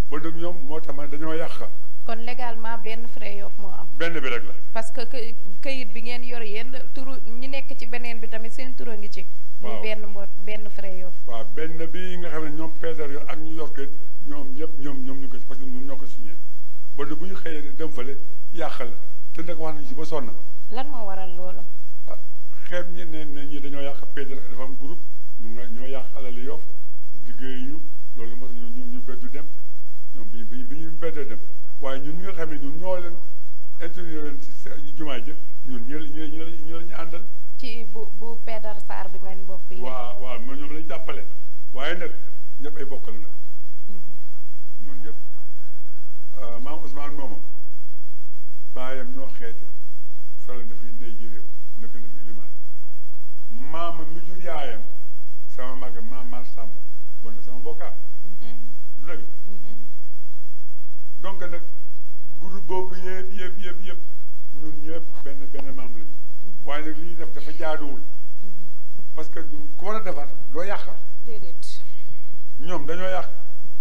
ba dëgg ñoom moo tax ma dañoo yàq. kon légalement benn Freyok moo am. benn bi rek la. parce que këyit bi ngeen yor yéen turu ñi nekk ci beneen bi tamit seen tur ngi ci. waaw benn mboot benn Freyok. waaw bi nga xam ne ñoom peser yo ak ñu yor këyit ñoom ñëpp ñoom ñoom ñu ko parce que ñun ñoo ko signé ba dëgg bu ñu xëyee dem fële yàq la te nag wax nañu si ba sonn. lan moo waral loolu. ah xeeb ñi ne ne dañoo yàq peser dafa am groupe. ñoo yàq alal yof liggéey ñu loolu moo tax ñu ñu beddu dem ñoom bi bi bi ñu beddee dem waaye ñun ñi nga xam ne ñun ñoo leen intervenir leen ci ñu ñu ñu ñu la ñu àndal ci bu bu Pedar Sarr bi ngeen bokk yi waaw waaw ñoom lañu jàppale waaye nag ñëpp ay bokkal nag ñun ñëpp euh, maam Ousmane moomu baayam ñoo xeete solo na fi nay ji réew nekk na mi jur yaayam sama maga ma ma sàmba bon na sama bokkaat du dëgg donc nag groupe boobu yëpp yëpp yëpp ñun ñëpp benn benn maam lañu mm-hmm. waaye nag li ñuy def dafa jaaduwul mm-hmm. parce que du ku war a defar doo yàq déedéet ñoom dañoo yàq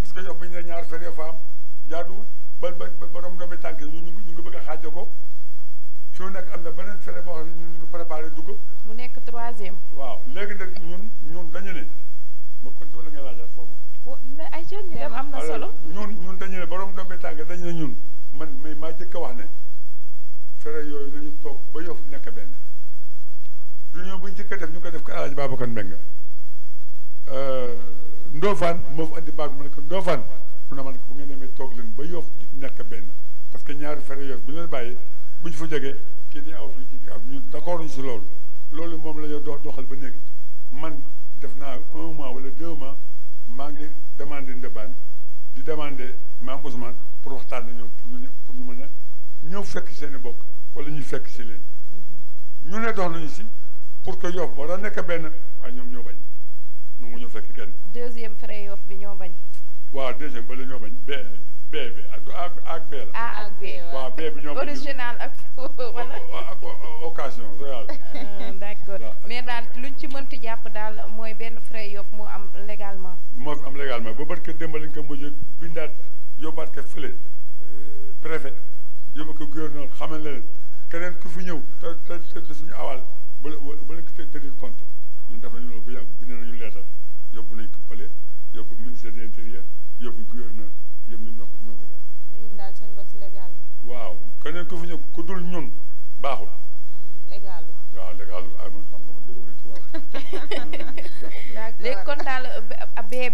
parce que yow bu ñu ne ñaar fere faam jaaduwul ba ba borom bi tànk ñu ñu ngi bëgg a xaaja ko loolu nag am na beneen cérémonie boo xam ne ñun ñu ngi préparé dugub. mu nekk troisième. waaw léegi nag ñun ñun dañu ne ma ko wala nga laajal foofu. ay jeunes ñu dem am na solo. ñun ñun dañu ne borom doom bi tànk dañu ne ñun man may maa jëkk a wax ne fere yooyu nañu toog ba yow nekk benn réunion bu ñu jëkk a def ñu ko def ko El Hadj Babacar Mbengue euh, Ndofane moo fi andi baat ne ko Ndofane mu ne ma ne ko bu ngeen demee toog leen ba yow nekk benn parce que ñaari fere yooyu bu leen bàyyee. bu ñu fa jógee kii di aw fi kii di aw ñun d'accord si loolu loolu moom la ñu doxal ba léegi man def naa un mois wala deux mois maa ngi demande Ndebane di demandé maam Ousmane pour waxtaan na ñoom pour ñu pour ñu mën a ñëw fekk seen i bokk wala ñu fekk si leen ñu ne dox nañu si pour que Yoff boo doon nekk benn waaye ñoom ñoo bañ nu mu ñëw fekk kenn. deuxième frais Yoff bi ñoo bañ. waa deuxième ba la bañ ba. B bi ak A ak B la. A ak B ah, waaw B bi ñoom. original ak wala. occasion royal. Ah, d'accord mais daal luñ ci mënti jàpp daal mooy benn frais yokk moo am légalement. moo am légalement ba barke démb lañ ko mujj bindaat yóbbaat ko fële euh, préfet yóbbu ko gouverneur xamal leen keneen ku fi ñëw te te te suñu awal ba ba la ko tenir compte ñun def nañu loolu bu yàgg bind nañu leetal yóbbu nañ ko fële yóbbu ministère de l'intérieur yóbbu gouverneur. jéem ñun ñoo ko ñoo ko def. daal seen bos légal waaw keneen ku fi ñëw ku dul ñun baaxul. Mm, légal waaw légal ah man xam nga man dëgg ci waaw. léegi kon daal euh,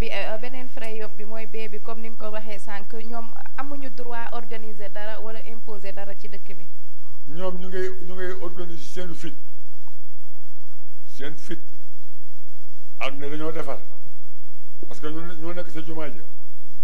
bi euh, beneen frais yóbbu bi mooy bee bi comme ni nga ko waxee sànq ñoom amuñu droit organiser dara wala imposer dara ci dëkk bi. ñoom ñu ngay ñu ngay organiser seen fit seen fit ak ne dañoo defar parce que nekk sa jumaa ja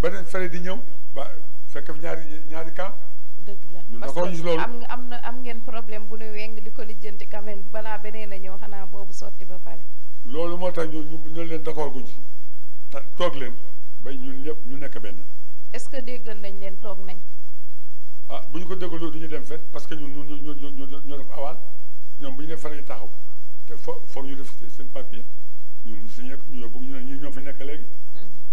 beneen fere di ñëw ba fekk fi ñaari ñaari camp. dëgg la ñun d'accord ñu loolu am am na am ngeen problème bu nu weng di ko lijjanti quand balaa beneen a ñëw xanaa boobu sotti ba pare. loolu moo tax ñu ñu leen d'accord guñ ci ta toog leen ba ñun ñëpp ñu nekk benn. est-ce que déggal nañ leen toog nañ. ah bu ñu ko déggaloo du ñu dem fenn parce que ñun ñu ñu ñu ñu ñu def awaal ñoom bu ñu ne fari taxaw te fo foog ñu def seen papier ñun ñu yóbbu ñu ne ñii ñoo fi nekk léegi. Mm-hmm.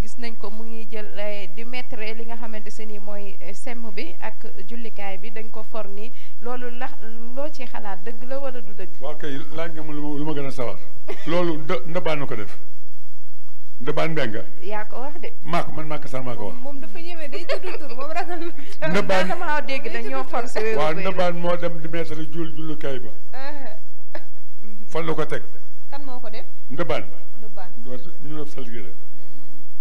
gis nañ ko mu ngi jël eh, di mettre li nga xamante ni eh, bi ak jullikaay bi dañ ko for ni lo ci xalaat deug la wala du deug wa kay la nga mu luma gëna sawar lolu ndabaan ko def be nga ya ko wax de. mak man mak sama ko wax. moom dafa ñëwé day tudd tur mom ragal. ndabaan dama xaw dégg dañoo forcé wéeru waaw ndabaan mo dem di mettre jul jullukaay ba. fa lu ko tek kan moo ko def. ndabaan. do ñu def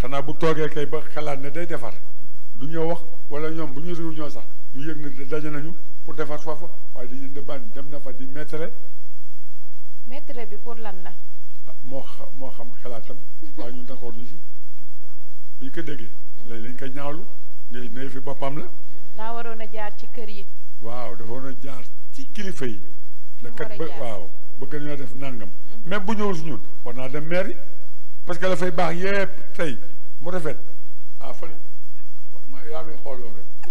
xanaa bu toogee kay ba xalaat ne day defar du ñëw wax wala ñoom bu ñu réunion sax ñu yëg ne daje nañu pour defar foofu waaye dañuy debaan dem na fa di maître. maître bi pour lan la. Ah, moo xam moo xam xalaatam waaye ñu si bi ñu ko déggee. Mm. léegi lañ ñaawlu ngay ne fi boppam la. Mm. daa waroon a jaar ci kër yi. waaw dafa waroon a jaar ci kilifa yi. da kat ba waaw bëgg nañoo def nangam. Mm. même bu ñëwul si ñun war naa dem maire parce que dafay baax yépp tey mu rafet ah,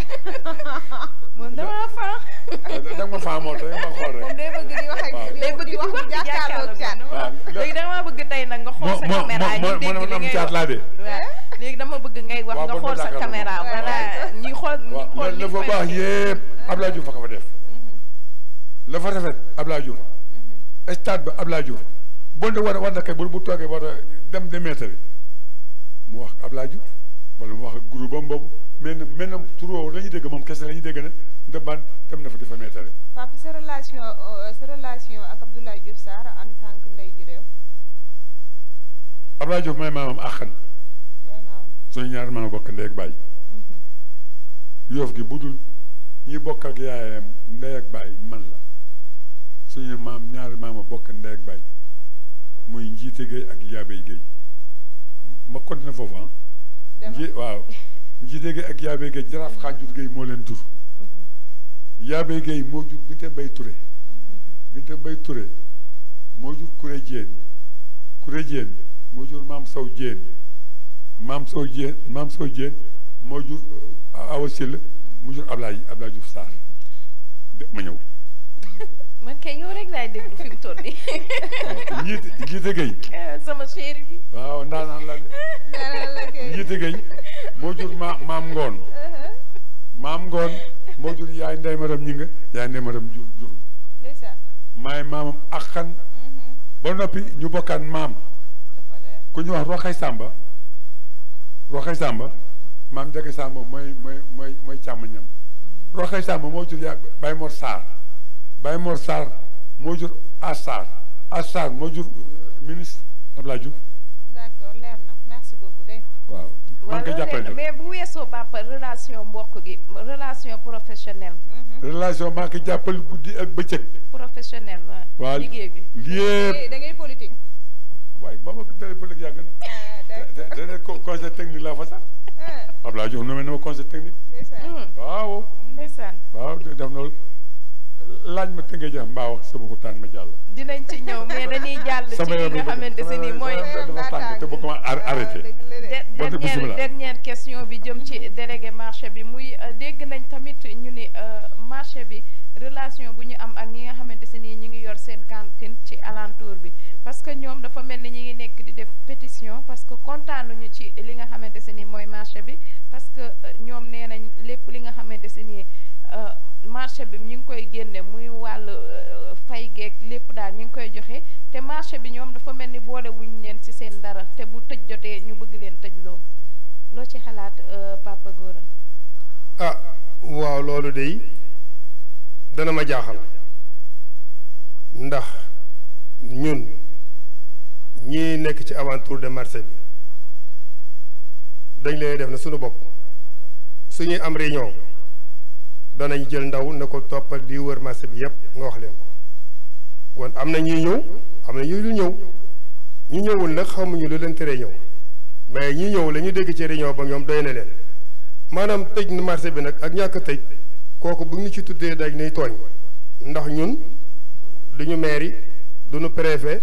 moom damaa faa. da ma xool moom day bëgg di wax ak day bëgg di wax ak jàkkaarloo caat. waaw léegi dama bëgg tey nag nga xool sa caméra ñu dégg li ngay wax bëgg ngay wax nga xool sa caméra wala ñuy xool ñuy xool fa baax yépp Abdoulaye Diouf fa ka fa def. la mm-hmm. fa rafet Abdoulaye Diouf mm-hmm. stade ba Abdoulaye Diouf. boo de war a war na kay bu bu toogee war a dem de maître mu wax Ablaye Diouf mu wax ak groupe am boobu mais nag mais nag la ñuy dégg moom kese la ñuy dégg ne Ndebane dem na fa defa maître. Pape euh, sa relation ak Abdoulaye Diouf en tant que ji réew. Abdoulaye Diouf maamam axan suñu bokk ndey ak baay. Mhm. yoof gi man la suñu maam ñaari maama bokk ndey ak baay. muy njiite géey ak yaabey géey ma continué foofu ah nji waaw njiite géey ak yaabey géey jaraaf xaajur géey moo leen jur yaabey géey moo jur binte bay ture binte bay ture moo jur kuré jéen kuré jéen moo jur maam saw jéen maam saw jéen maam saw jéen moo jur euh, awa sill mu jur Ablaye Ablaye Diouf Sarr de ma ñëw man kay yow rek laay déglu fi toll nii. njiite njiite gëy. Eh, sama chéri bi. waaw ndaanaan la de. ndaanaan la moo jur maam ngoon. Uh-huh. maam ngoon moo jur yaay ndey maram ñi nga yaay ndey maram jur jur. maay ak xan uh-huh. ba noppi ñu bokkaan maam. ku ñu wax Roxay sàmba Roxay Samba maam Jage Samba mooy mooy mooy mooy càmmañam. Roxay Samba moo jur yaay Baymor Sarr. Baye Mor moo jur Assar Assar moo jur euh, ministre Abdoulaye Diouf. d'accord leer na merci beaucoup de. waaw man ko jàppale mais bu weesoo papa relation mbokk gi relation professionnelle. Mhm. relation maa ngi jàppale guddi ak bëccëg. professionnel liggéey bi da ngay politique. waaye ba ma dalee politique yàgg na. ah da da technique laa fa sax. Ah. Abdoulaye Diouf nommé na ma conseil technique. waaw. ndeysaan waaw laaj ma tënkee jàpp mbaa wax sama xutaan ma jàll. dinañ ci ñëw mais dañuy jàll. ci li nga xamante ne nii mooy. dafa tànk te bëgg ma arrêté. question bi jëm ci délégué marché bi muy euh, dégg nañ tamit ñu ni euh, marché bi relation bu ñu am ak ñi nga xamante ne nii ñu ngi yor seen cantine ci alentour bi parce que ñoom dafa mel ni ñu ngi nekk di def pétition parce que kontaanuñu ci li nga xamante ne nii mooy marché bi parce que euh, ñoom nee nañ lépp li nga xamante ne nii. Euh, marché bi ñu ngi koy génne muy wàll euh, fay geek lépp daal ñu ngi koy joxe te marché bi ñoom dafa mel ni boole leen ci seen dara te bu tëj jotee ñu bëgg leen tëj loo loo ci xalaat euh, Papa Gora ah, waaw loolu de dana ma jaaxal ndax ñun ñi nekk ci alentour de marché bi dañ leen def na suñu bopp suñuy am réunion danañ jël ndaw na ko toppal lii wër marché bi yëpp nga wax leen ko kon am na ñuy ñëw am na ñuy ñëw ñu ñëwul nag xamuñu lu leen tere ñëw mais ñi ñëw la ñu dégg ci réunion ba ñoom doy na leen maanaam tëj na marché bi nag ak ñàkk tëj kooku bu ñu ci tuddee dañ nay tooñ ndax ñun du ñu mairie du ñu préfet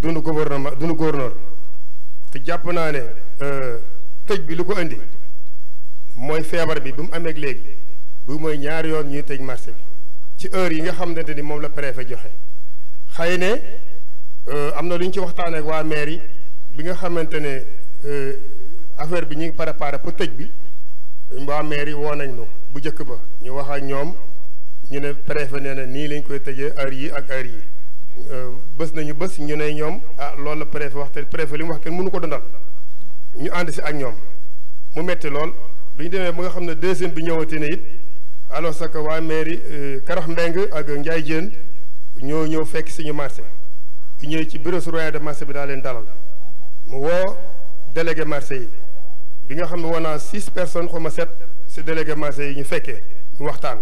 du ñu gouvernement du ñu gouverneur te jàpp naa ne euh, tëj bi lu ko indi mooy feebar bi bi mu amee léegi bu mooy ñaari yoon ñuy tëj marché bi ci heure yi nga xamante ni moom la préfet joxe xëy ne euh, am na lu ñu ci waxtaanee ak waa maire bi nga xamante ne euh, affaire bi ñuy pare préparé pour tëj bi waa maire yi woo nañ nu bu njëkk ba ñu wax ak ñoom ñu ne préfet nee na nii lañ koy tëjee heure yi ak heure yi euh, bés nañu bés ñu ne ñoom ah loolu la préfet wax te préfet li mu wax kenn mënu ko dundal ñu ànd si ak ñoom mu metti lool bi ñu demee ba nga xam ne deuxième bi ñëwatee ne it alors sax waa mairie euh, Karax Mbeng ak Njaay Jéen ñoo ñëw fekk si ñu marché bu ñëwee ci bureau surveillant de marché bi daa leen dalal mu woo délégué marché yi bi nga xam ne woo naa six personnes xaw ma sept si délégué marché yi ñu fekkee ñu waxtaan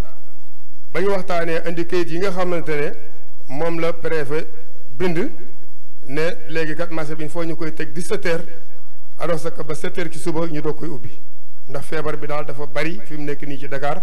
ba ñu waxtaanee indi kayit yi nga xamante ne moom la préfet bind ne léegi kat marché bi foo ñu koy teg 17 heures alors sax ba 7 heures ci suba ñu doog koy ubbi ndax feebar bi daal dafa bari fi mu nekk nii ci dakaar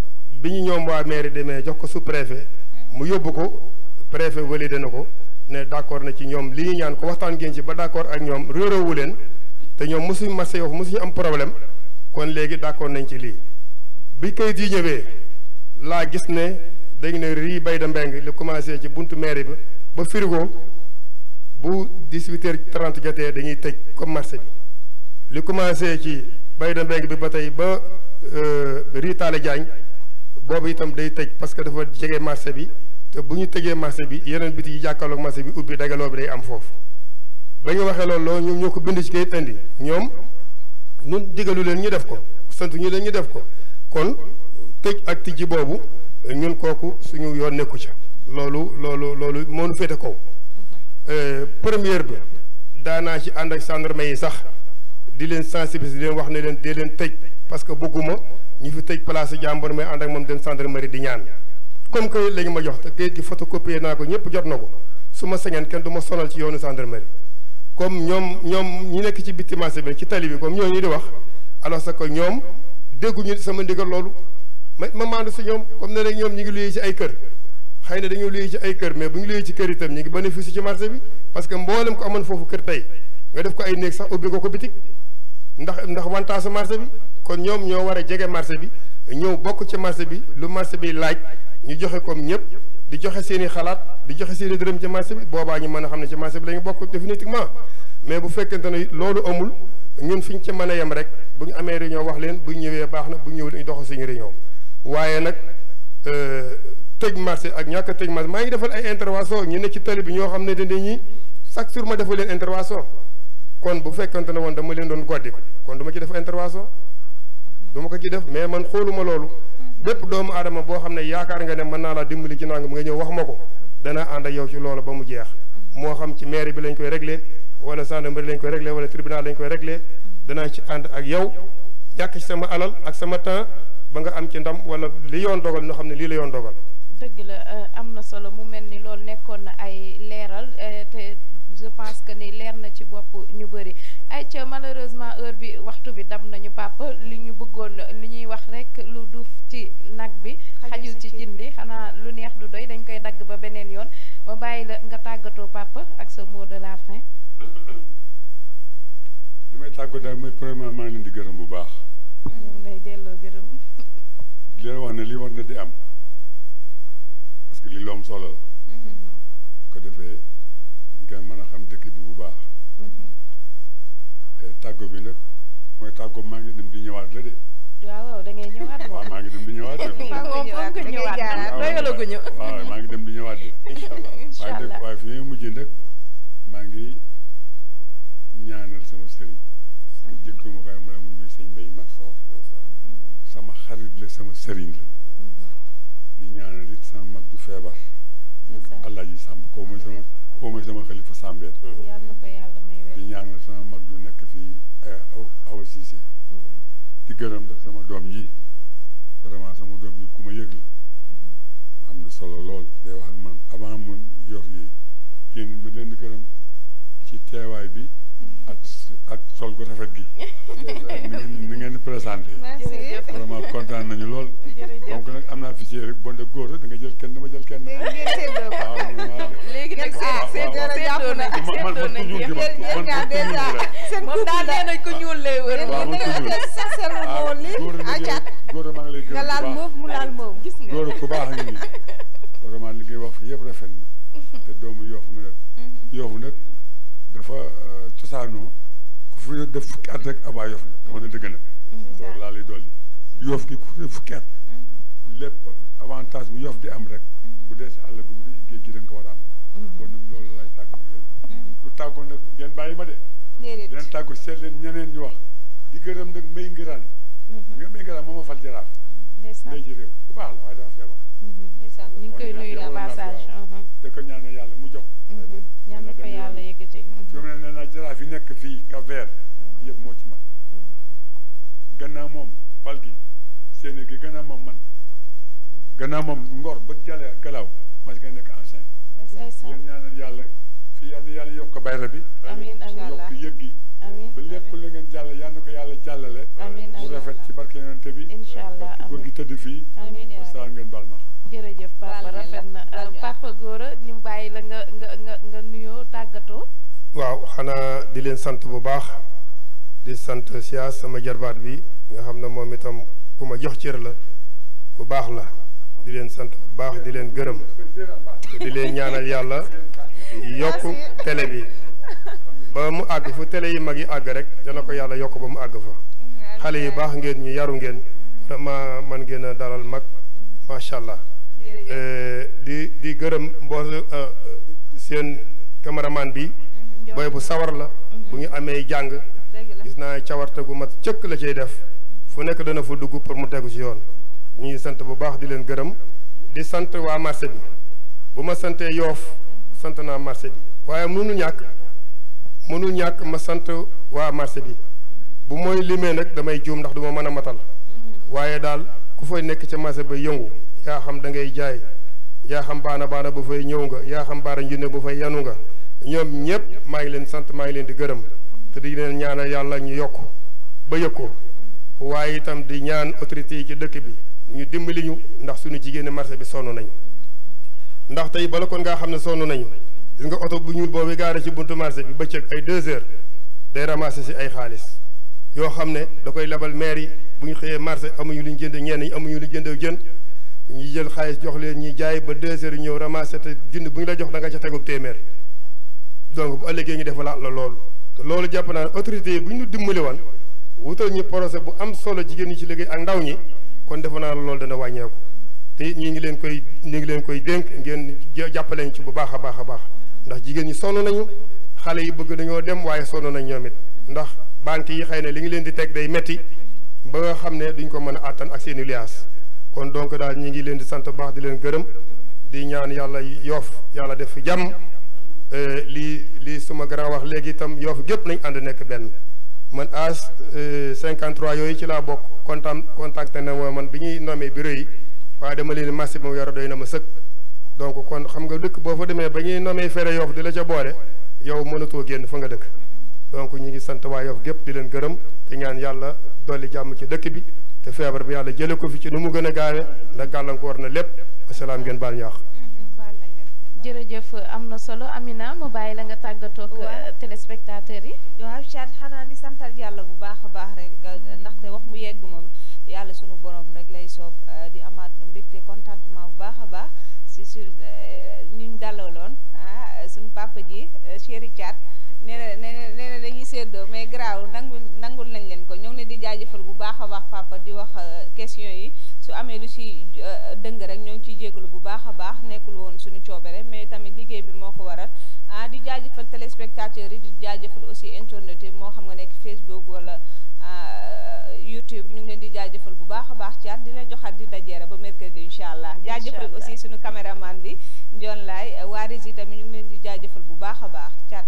bi ñu ñoom waa mairie demee jox ko su préfet mu yóbbu ko préfet de na ko ne d' accord na ci ñoom li ñu ñaan ko waxtaan ngeen ci ba d' accord ak ñoom réeróowu leen te ñoom mosuñu marché wax mosuñu am problème kon léegi d' accord nañ ci lii bi kayit yi ñëwee laa gis ne dañ ne rii bay da mbeng li commencé ci buntu mairie ba ba frigo bu 18 heures 30 dañuy tëj comme marché bi li commencé ci bay da mbeng bi ba tey ba rii taale jaañ boobu itam day tëj parce que dafa jege marché bi te bu ñu tëjee marché bi yeneen biti yi jàkkaarloog marché bi ubbi dagaloo bi day am foofu ba ñu waxee loolu ñoom ñoo ko bind ci kayit indi ñoom ñun digalu leen ñu def ko sant ñu leen ñu def ko kon tëj ak tijji boobu ñun kooku suñu yoon nekku ca loolu loolu loolu moo nu féete kaw euh, première bi daanaa ci ànd ak gendarme yi sax di leen sensibiliser di leen wax ne leen dee leen tëj parce que bëgguma ñu fi tëj place jàmbur may ànd ak moom dem gendarmerie di ñaan comme que léegi ma jox te kayit gi photocopier naa ko ñëpp jot na ko su ma sañoon kenn du ma sonal ci yoonu gendarmerie comme ñoom ñoom ñi nekk ci bitti marché bi ci tali bi comme ñu di wax alors que ñoom dégguñu sama ndigal loolu ma ma maandu si ñoom comme ne rek ñoom ñu ngi luyee ci ay kër xëy na dañoo luyee ci ay kër mais bu ñu luyee ci kër itam ñu ngi bénéfice ci marché bi parce que mboolem ko amoon foofu kër tey nga def ko ay néeg sax ubbi ko ko bitik ndax ndax wantaa sa marché bi kon ñoom ñoo war a jege marché bi ñëw bokk ci marché bi lu marché bi laaj ñu joxe comme ñëpp di joxe seen i xalaat di joxe seen i dërëm ci marché bi boobaa ñu mën a xam ne ci marché bi la ñu bokk définitivement mais bu fekkente loolu amul ñun fi ñu ci mën a yem rek bu ñu amee réunion wax leen bu ñëwee baax na bu ñëwee ñu doxal suñu réunion waaye nag euh, tëj marché ak ñàkk a tëj marché maa ngi defal ay intervention ñu ne ci tali bi ñoo xam ne dañuy chaque jour ma defal leen intervention kon bu fekkante ne woon dama leen doon goddi kon du ci def intervention. du ma ko ci def mais man xooluma loolu bépp doomu aadama boo xam ne yaakaar nga ne man naa laa dimbali ci nangam nga ñëw wax ma ko dana ànd ak yow ci loolu ba mu jeex moo xam ci mairie bi lañ koy réglé wala gendarmerie lañ koy réglé wala tribunal lañ koy réglé danaa ci ànd ak yow ñàkk ci sama alal ak sama temps ba nga am ci ndam wala li yoon dogal noo xam ne lii la yoon dogal. dëgg la euh, am na solo mu mel ni lool nekkoon na ay leeral euh, te je pense que ni leer na ci bopp ñu bëri. ay ca malheureusement heure bi waxtu bi dab nañu pàppa li ñu bëggoon li ñuy wax rek lu duuf ci nag bi xajul ci cin li xanaa lu neex du doy dañ koy dagg ba beneen yoon ba bàyyi la nga tàggatoo papa ak sa mot de la fin li may tàggatoo mooy premièrement maa ngi leen di gërëm bu baax mm, ñu ngi lay delloo gërëm di leen wax ne li war na di am parce li loom solo la mm-hmm. ko defee nga mën a xam dëkk bi bu baax mm-hmm. tàggo bi nag mooy tàggo maa ngi dem di ñëwaat la de. waaw maa ngi dem di ñëwaat de. waaw maa ngi dem di ñëwaat de. incha allah waaye fi may mujj nag maa ngi ñaanal sama sëriñ. Mm-hmm. jëkk ma koy amal muy sëñ Bay Maxaw mm-hmm. sama xarit la sama sëriñ la. Mm-hmm. di ñaanal it sama mag bu feebar. allah ji sàmm koo sama koo mooy sama xalifa sàmbeel. yàlla di ñaanal sama mag bi nekk fii eh, Awa Cissé di gërëm da sama doom yi vraiment sama doom yi ku ma yëg la am na solo lool day wax ak man avant mun yor yi yéen leen di gërëm ci teewaay bi ak ak sol gu rafet gi ni ngeen di présenté vraiment kontaan nañu lool donc nag am naa fichier rek bon de góor da nga jël kenn dama jël kenn waaw léegi nag seen ah, seetloo ko seetloo moom daal li ajaat nga laal moof mu laal moof gis nga góor ku baax ngi nii vraiment li ngay wax fi yëpp rafet na te doomu yoofu nga nag mm-hmm. yoofu nag dafa euh, cosaanoo ku fi def fukki at rek abaa yoof la wax na dëgg nag mm-hmm. loolu laa lay dolli mm-hmm. yoof gi fukki at lépp avantage bu yoof di am rek bu dee ngeen bàyyi ma de dinañ tàggu seet leen ñeneen ñu wax di gërëm nag mbay ngiraan nga mbay ngiraan moo ma fal jaraaf ndey ji réew ku baax la waaye dafa feebar yàlla mu jox ñaan na ko ne nee yi nekk fii cap moo ci man gannaaw moom fal gi seeni gi gannaaw moom man gannaaw moom ngor ba jale galaaw ma si nga nekk enceinte yéen ñaanal yàlla yal na yàlla yokk bayra bi. amiin amiin ba lépp lu ngeen jàll yal yàlla jàllale. mu rafet ci barke bi. incha gi tëdd fii. amiin yaa ngeen na papa Gora ñu bàyyi la nga nuyoo tàggatoo. waaw xanaa di leen sant bu baax di sant siyaas sama jarbaat bi nga xam ne moom itam ku ma jox cër la bu baax la di leen sant bu baax di leen gërëm di leen ñaanal yàlla. yokk télé bi ba mu àgg fu télé yi mag yi àgg rek dana ko yàlla yokk ba mu àgg fa xale yi baax ngeen ñu yaru ngeen vraiment man ngeen a dalal mag macha allah eh, di di gërëm mbool eh, seen cameraman bi mm-hmm, booy bu sawar la mm-hmm. bu ñu amee jàng gis naa cawarte gu mat cëkk la cay def fu nekk dana fu dugg pour mu tegu ci yoon ñu sant bu baax di leen gërëm di sant waa marché bi bu ma santee yoof sant naa marché bi waaye mënul ñàkk mënul ñàkk ma sant waa marché bi bu mooy limee nag damay juum ndax duma mën a matal waaye daal ku fay nekk ca marché ba yëngu yaa xam da ngay jaay yaa xam baana baana bu fay ñëw nga yaa xam baara ne bu fay yanu nga ñoom ñépp maa ngi leen sant maa ngi leen di gërëm te di leen ñaanal yàlla ñu yokk ba yëg ko waaye itam di ñaan autorité yi ci dëkk bi ñu dimbali ñu ndax suñu jigéeni marché bi sonn nañ ndax tey bala kon ngaa xam ne sonn nañu gis nga oto bu ñuul boobu gaare ci buntu marché bi bëccëg ay deux heures day ramasser si ay xaalis yoo xam ne da koy lebal maire yi bu ñu xëyee marché amuñu lu ñu jënd ñenn ñi amuñu lu ñu jën ñu jël xaalis jox leen ñuy jaay ba deux heures ñëw ramasser te jënd bu ñu la jox da nga ca tegub téeméer donc bu ëllëgee ñu defalaat la loolu te loolu jàpp naa ne autorités yi bu ñu dimbali woon wutal ñu projet bu am solo jigéen ñi ci liggéey ak ndaw ñi kon defe naa loolu dana wàññeeku te it ngi leen koy ñi leen koy dénk ngeen jàppaleen ci bu baax a baax a baax ndax jigéen ñi sonn nañu xale yi bëgg nañoo dem waaye sonn nañ ñoom it ndax banque yi xëy na li ngi leen di teg day metti ba nga xam ne duñ ko mën a àttan ak seen kon donc daal ñi ngi leen di sant baax di leen gërëm di ñaan yàlla yoof yàlla def jàmm eh, lii lii suma grand wax léegi itam yoof gépp nañ ànd nekk benn man as 53 eh, yooyu ci laa bokk kontaan contacté na ma man bi ñuy nommé bureau yi waa dama leen marché mu yor doy na ma sëkk donc kon xam nga dëkk boo fa demee ba ñuy nomee fere yoof di la ca boole yow mënatoo génn fa nga dëkk donc ñu ngi sant waa yoof gépp di leen gërëm te ñaan yàlla dolli jàmm ci dëkk bi te feebar bi yàlla jële ko fi ci nu mu gën a gaawe ndax gàllankoor na lépp asalaam ngeen baal ñaax jërëjëf am na solo Amina mu bàyyi la nga tàggatoo ak euh, téléspectateurs yi waaw Thiat xanaa di santal yàlla bu baax a baax rek euh, ndaxte wax mu yegg moom yàlla sunu si su euh, ñu dalaloon ah suñu papa ji euh, chéri Thiat ne na nee na dañuy séddoo mais garaawul nangu nangul nañ leen ko ñoo ngi di jaajëfal bu baax a baax papa di wax euh, question yi su amee lu si dëng rek ñoo ngi ciy jégalu bu baax a baax nekkul woon suñu coobere mais tamit liggéey bi moo ko waral ah di jaajëfal téléspectateurs yi di jaajëfal aussi internet yi moo xam nga nekk Facebook wala. Ah, youtube ñu ngi leen di jaajëfal bu baax a baax ci dina di leen joxaat di dajeera ba mercredi incha allah jaajëfal aussi suñu caméraman bi Ndion Laay waa Régie tamit ñu ngi leen di jëfal bu baax a baax caat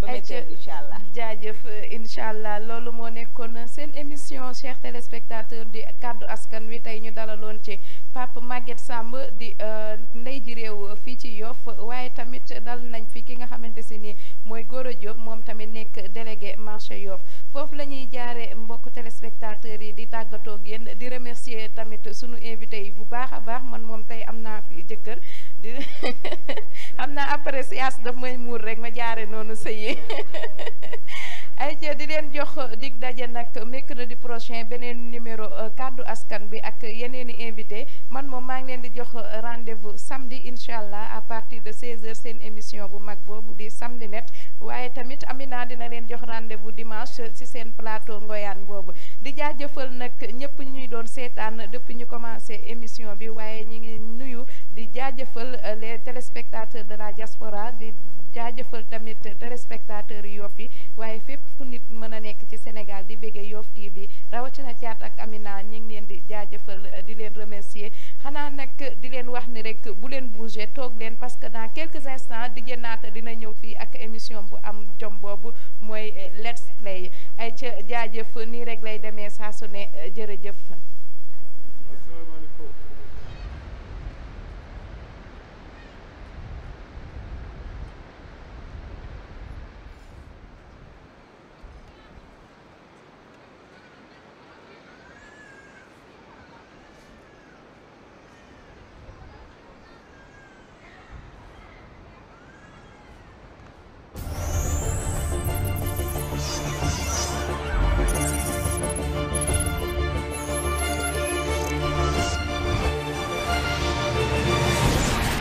ba météo incha allah jaajëf incha allah loolu moo nekkoon seen émission chers téléspectateurs di kàddu askan wi tey ñu dalaloon ci Pape màgget sàmb di euh, ndey ji réew fii ci Yoff waaye tamit dal nañ fi ki nga xamante si ni mooy Gora Diop moom tamit nekk délégué marché Yoff foofu la ñuy jaare mbokk téléspectateurs yi di tàggatoo génn di remercier tamit sunu invité yi bu baax a baax man moom tey am naa fi jëkkër di xam naa après siyaas daf may muur rek ma jaare noonu sëyi ay ci di leen jox dig daje nag na di prochain beneen numéro euh, kàddu askan bi ak yeneeni invité man moom maa ngi leen di jox euh, rendez-vous samedi incha allah à partir de 16h seen émission bu mag boobu di samedi net waaye tamit Amina dina leen jox rendez-vous dimanche ci seen plateau ngoyaan boobu di jaajëfal nag ñëpp ñuy doon seetaan depuis ñu commencé émission bi waaye ñu ngi nuyu di jaajëfal euh, les téléspectateurs de la diaspora di jaajëfal tamit téléspectateurs yu Yoff yi waaye fépp fu nit mën a nekk ci Sénégal di béggee Yoff TV rawatina Thiat ak Amina ñu ngi leen di jaajëfal euh, di leen remercier xanaa nag di leen wax ni rek bu leen bouger toog leen parce que dans quelques instants DJ Naata dina ñëw fii ak émission bu am jom boobu mooy euh, let's play ay ca jaajëf nii rek lay demee saa ne jërëjëf.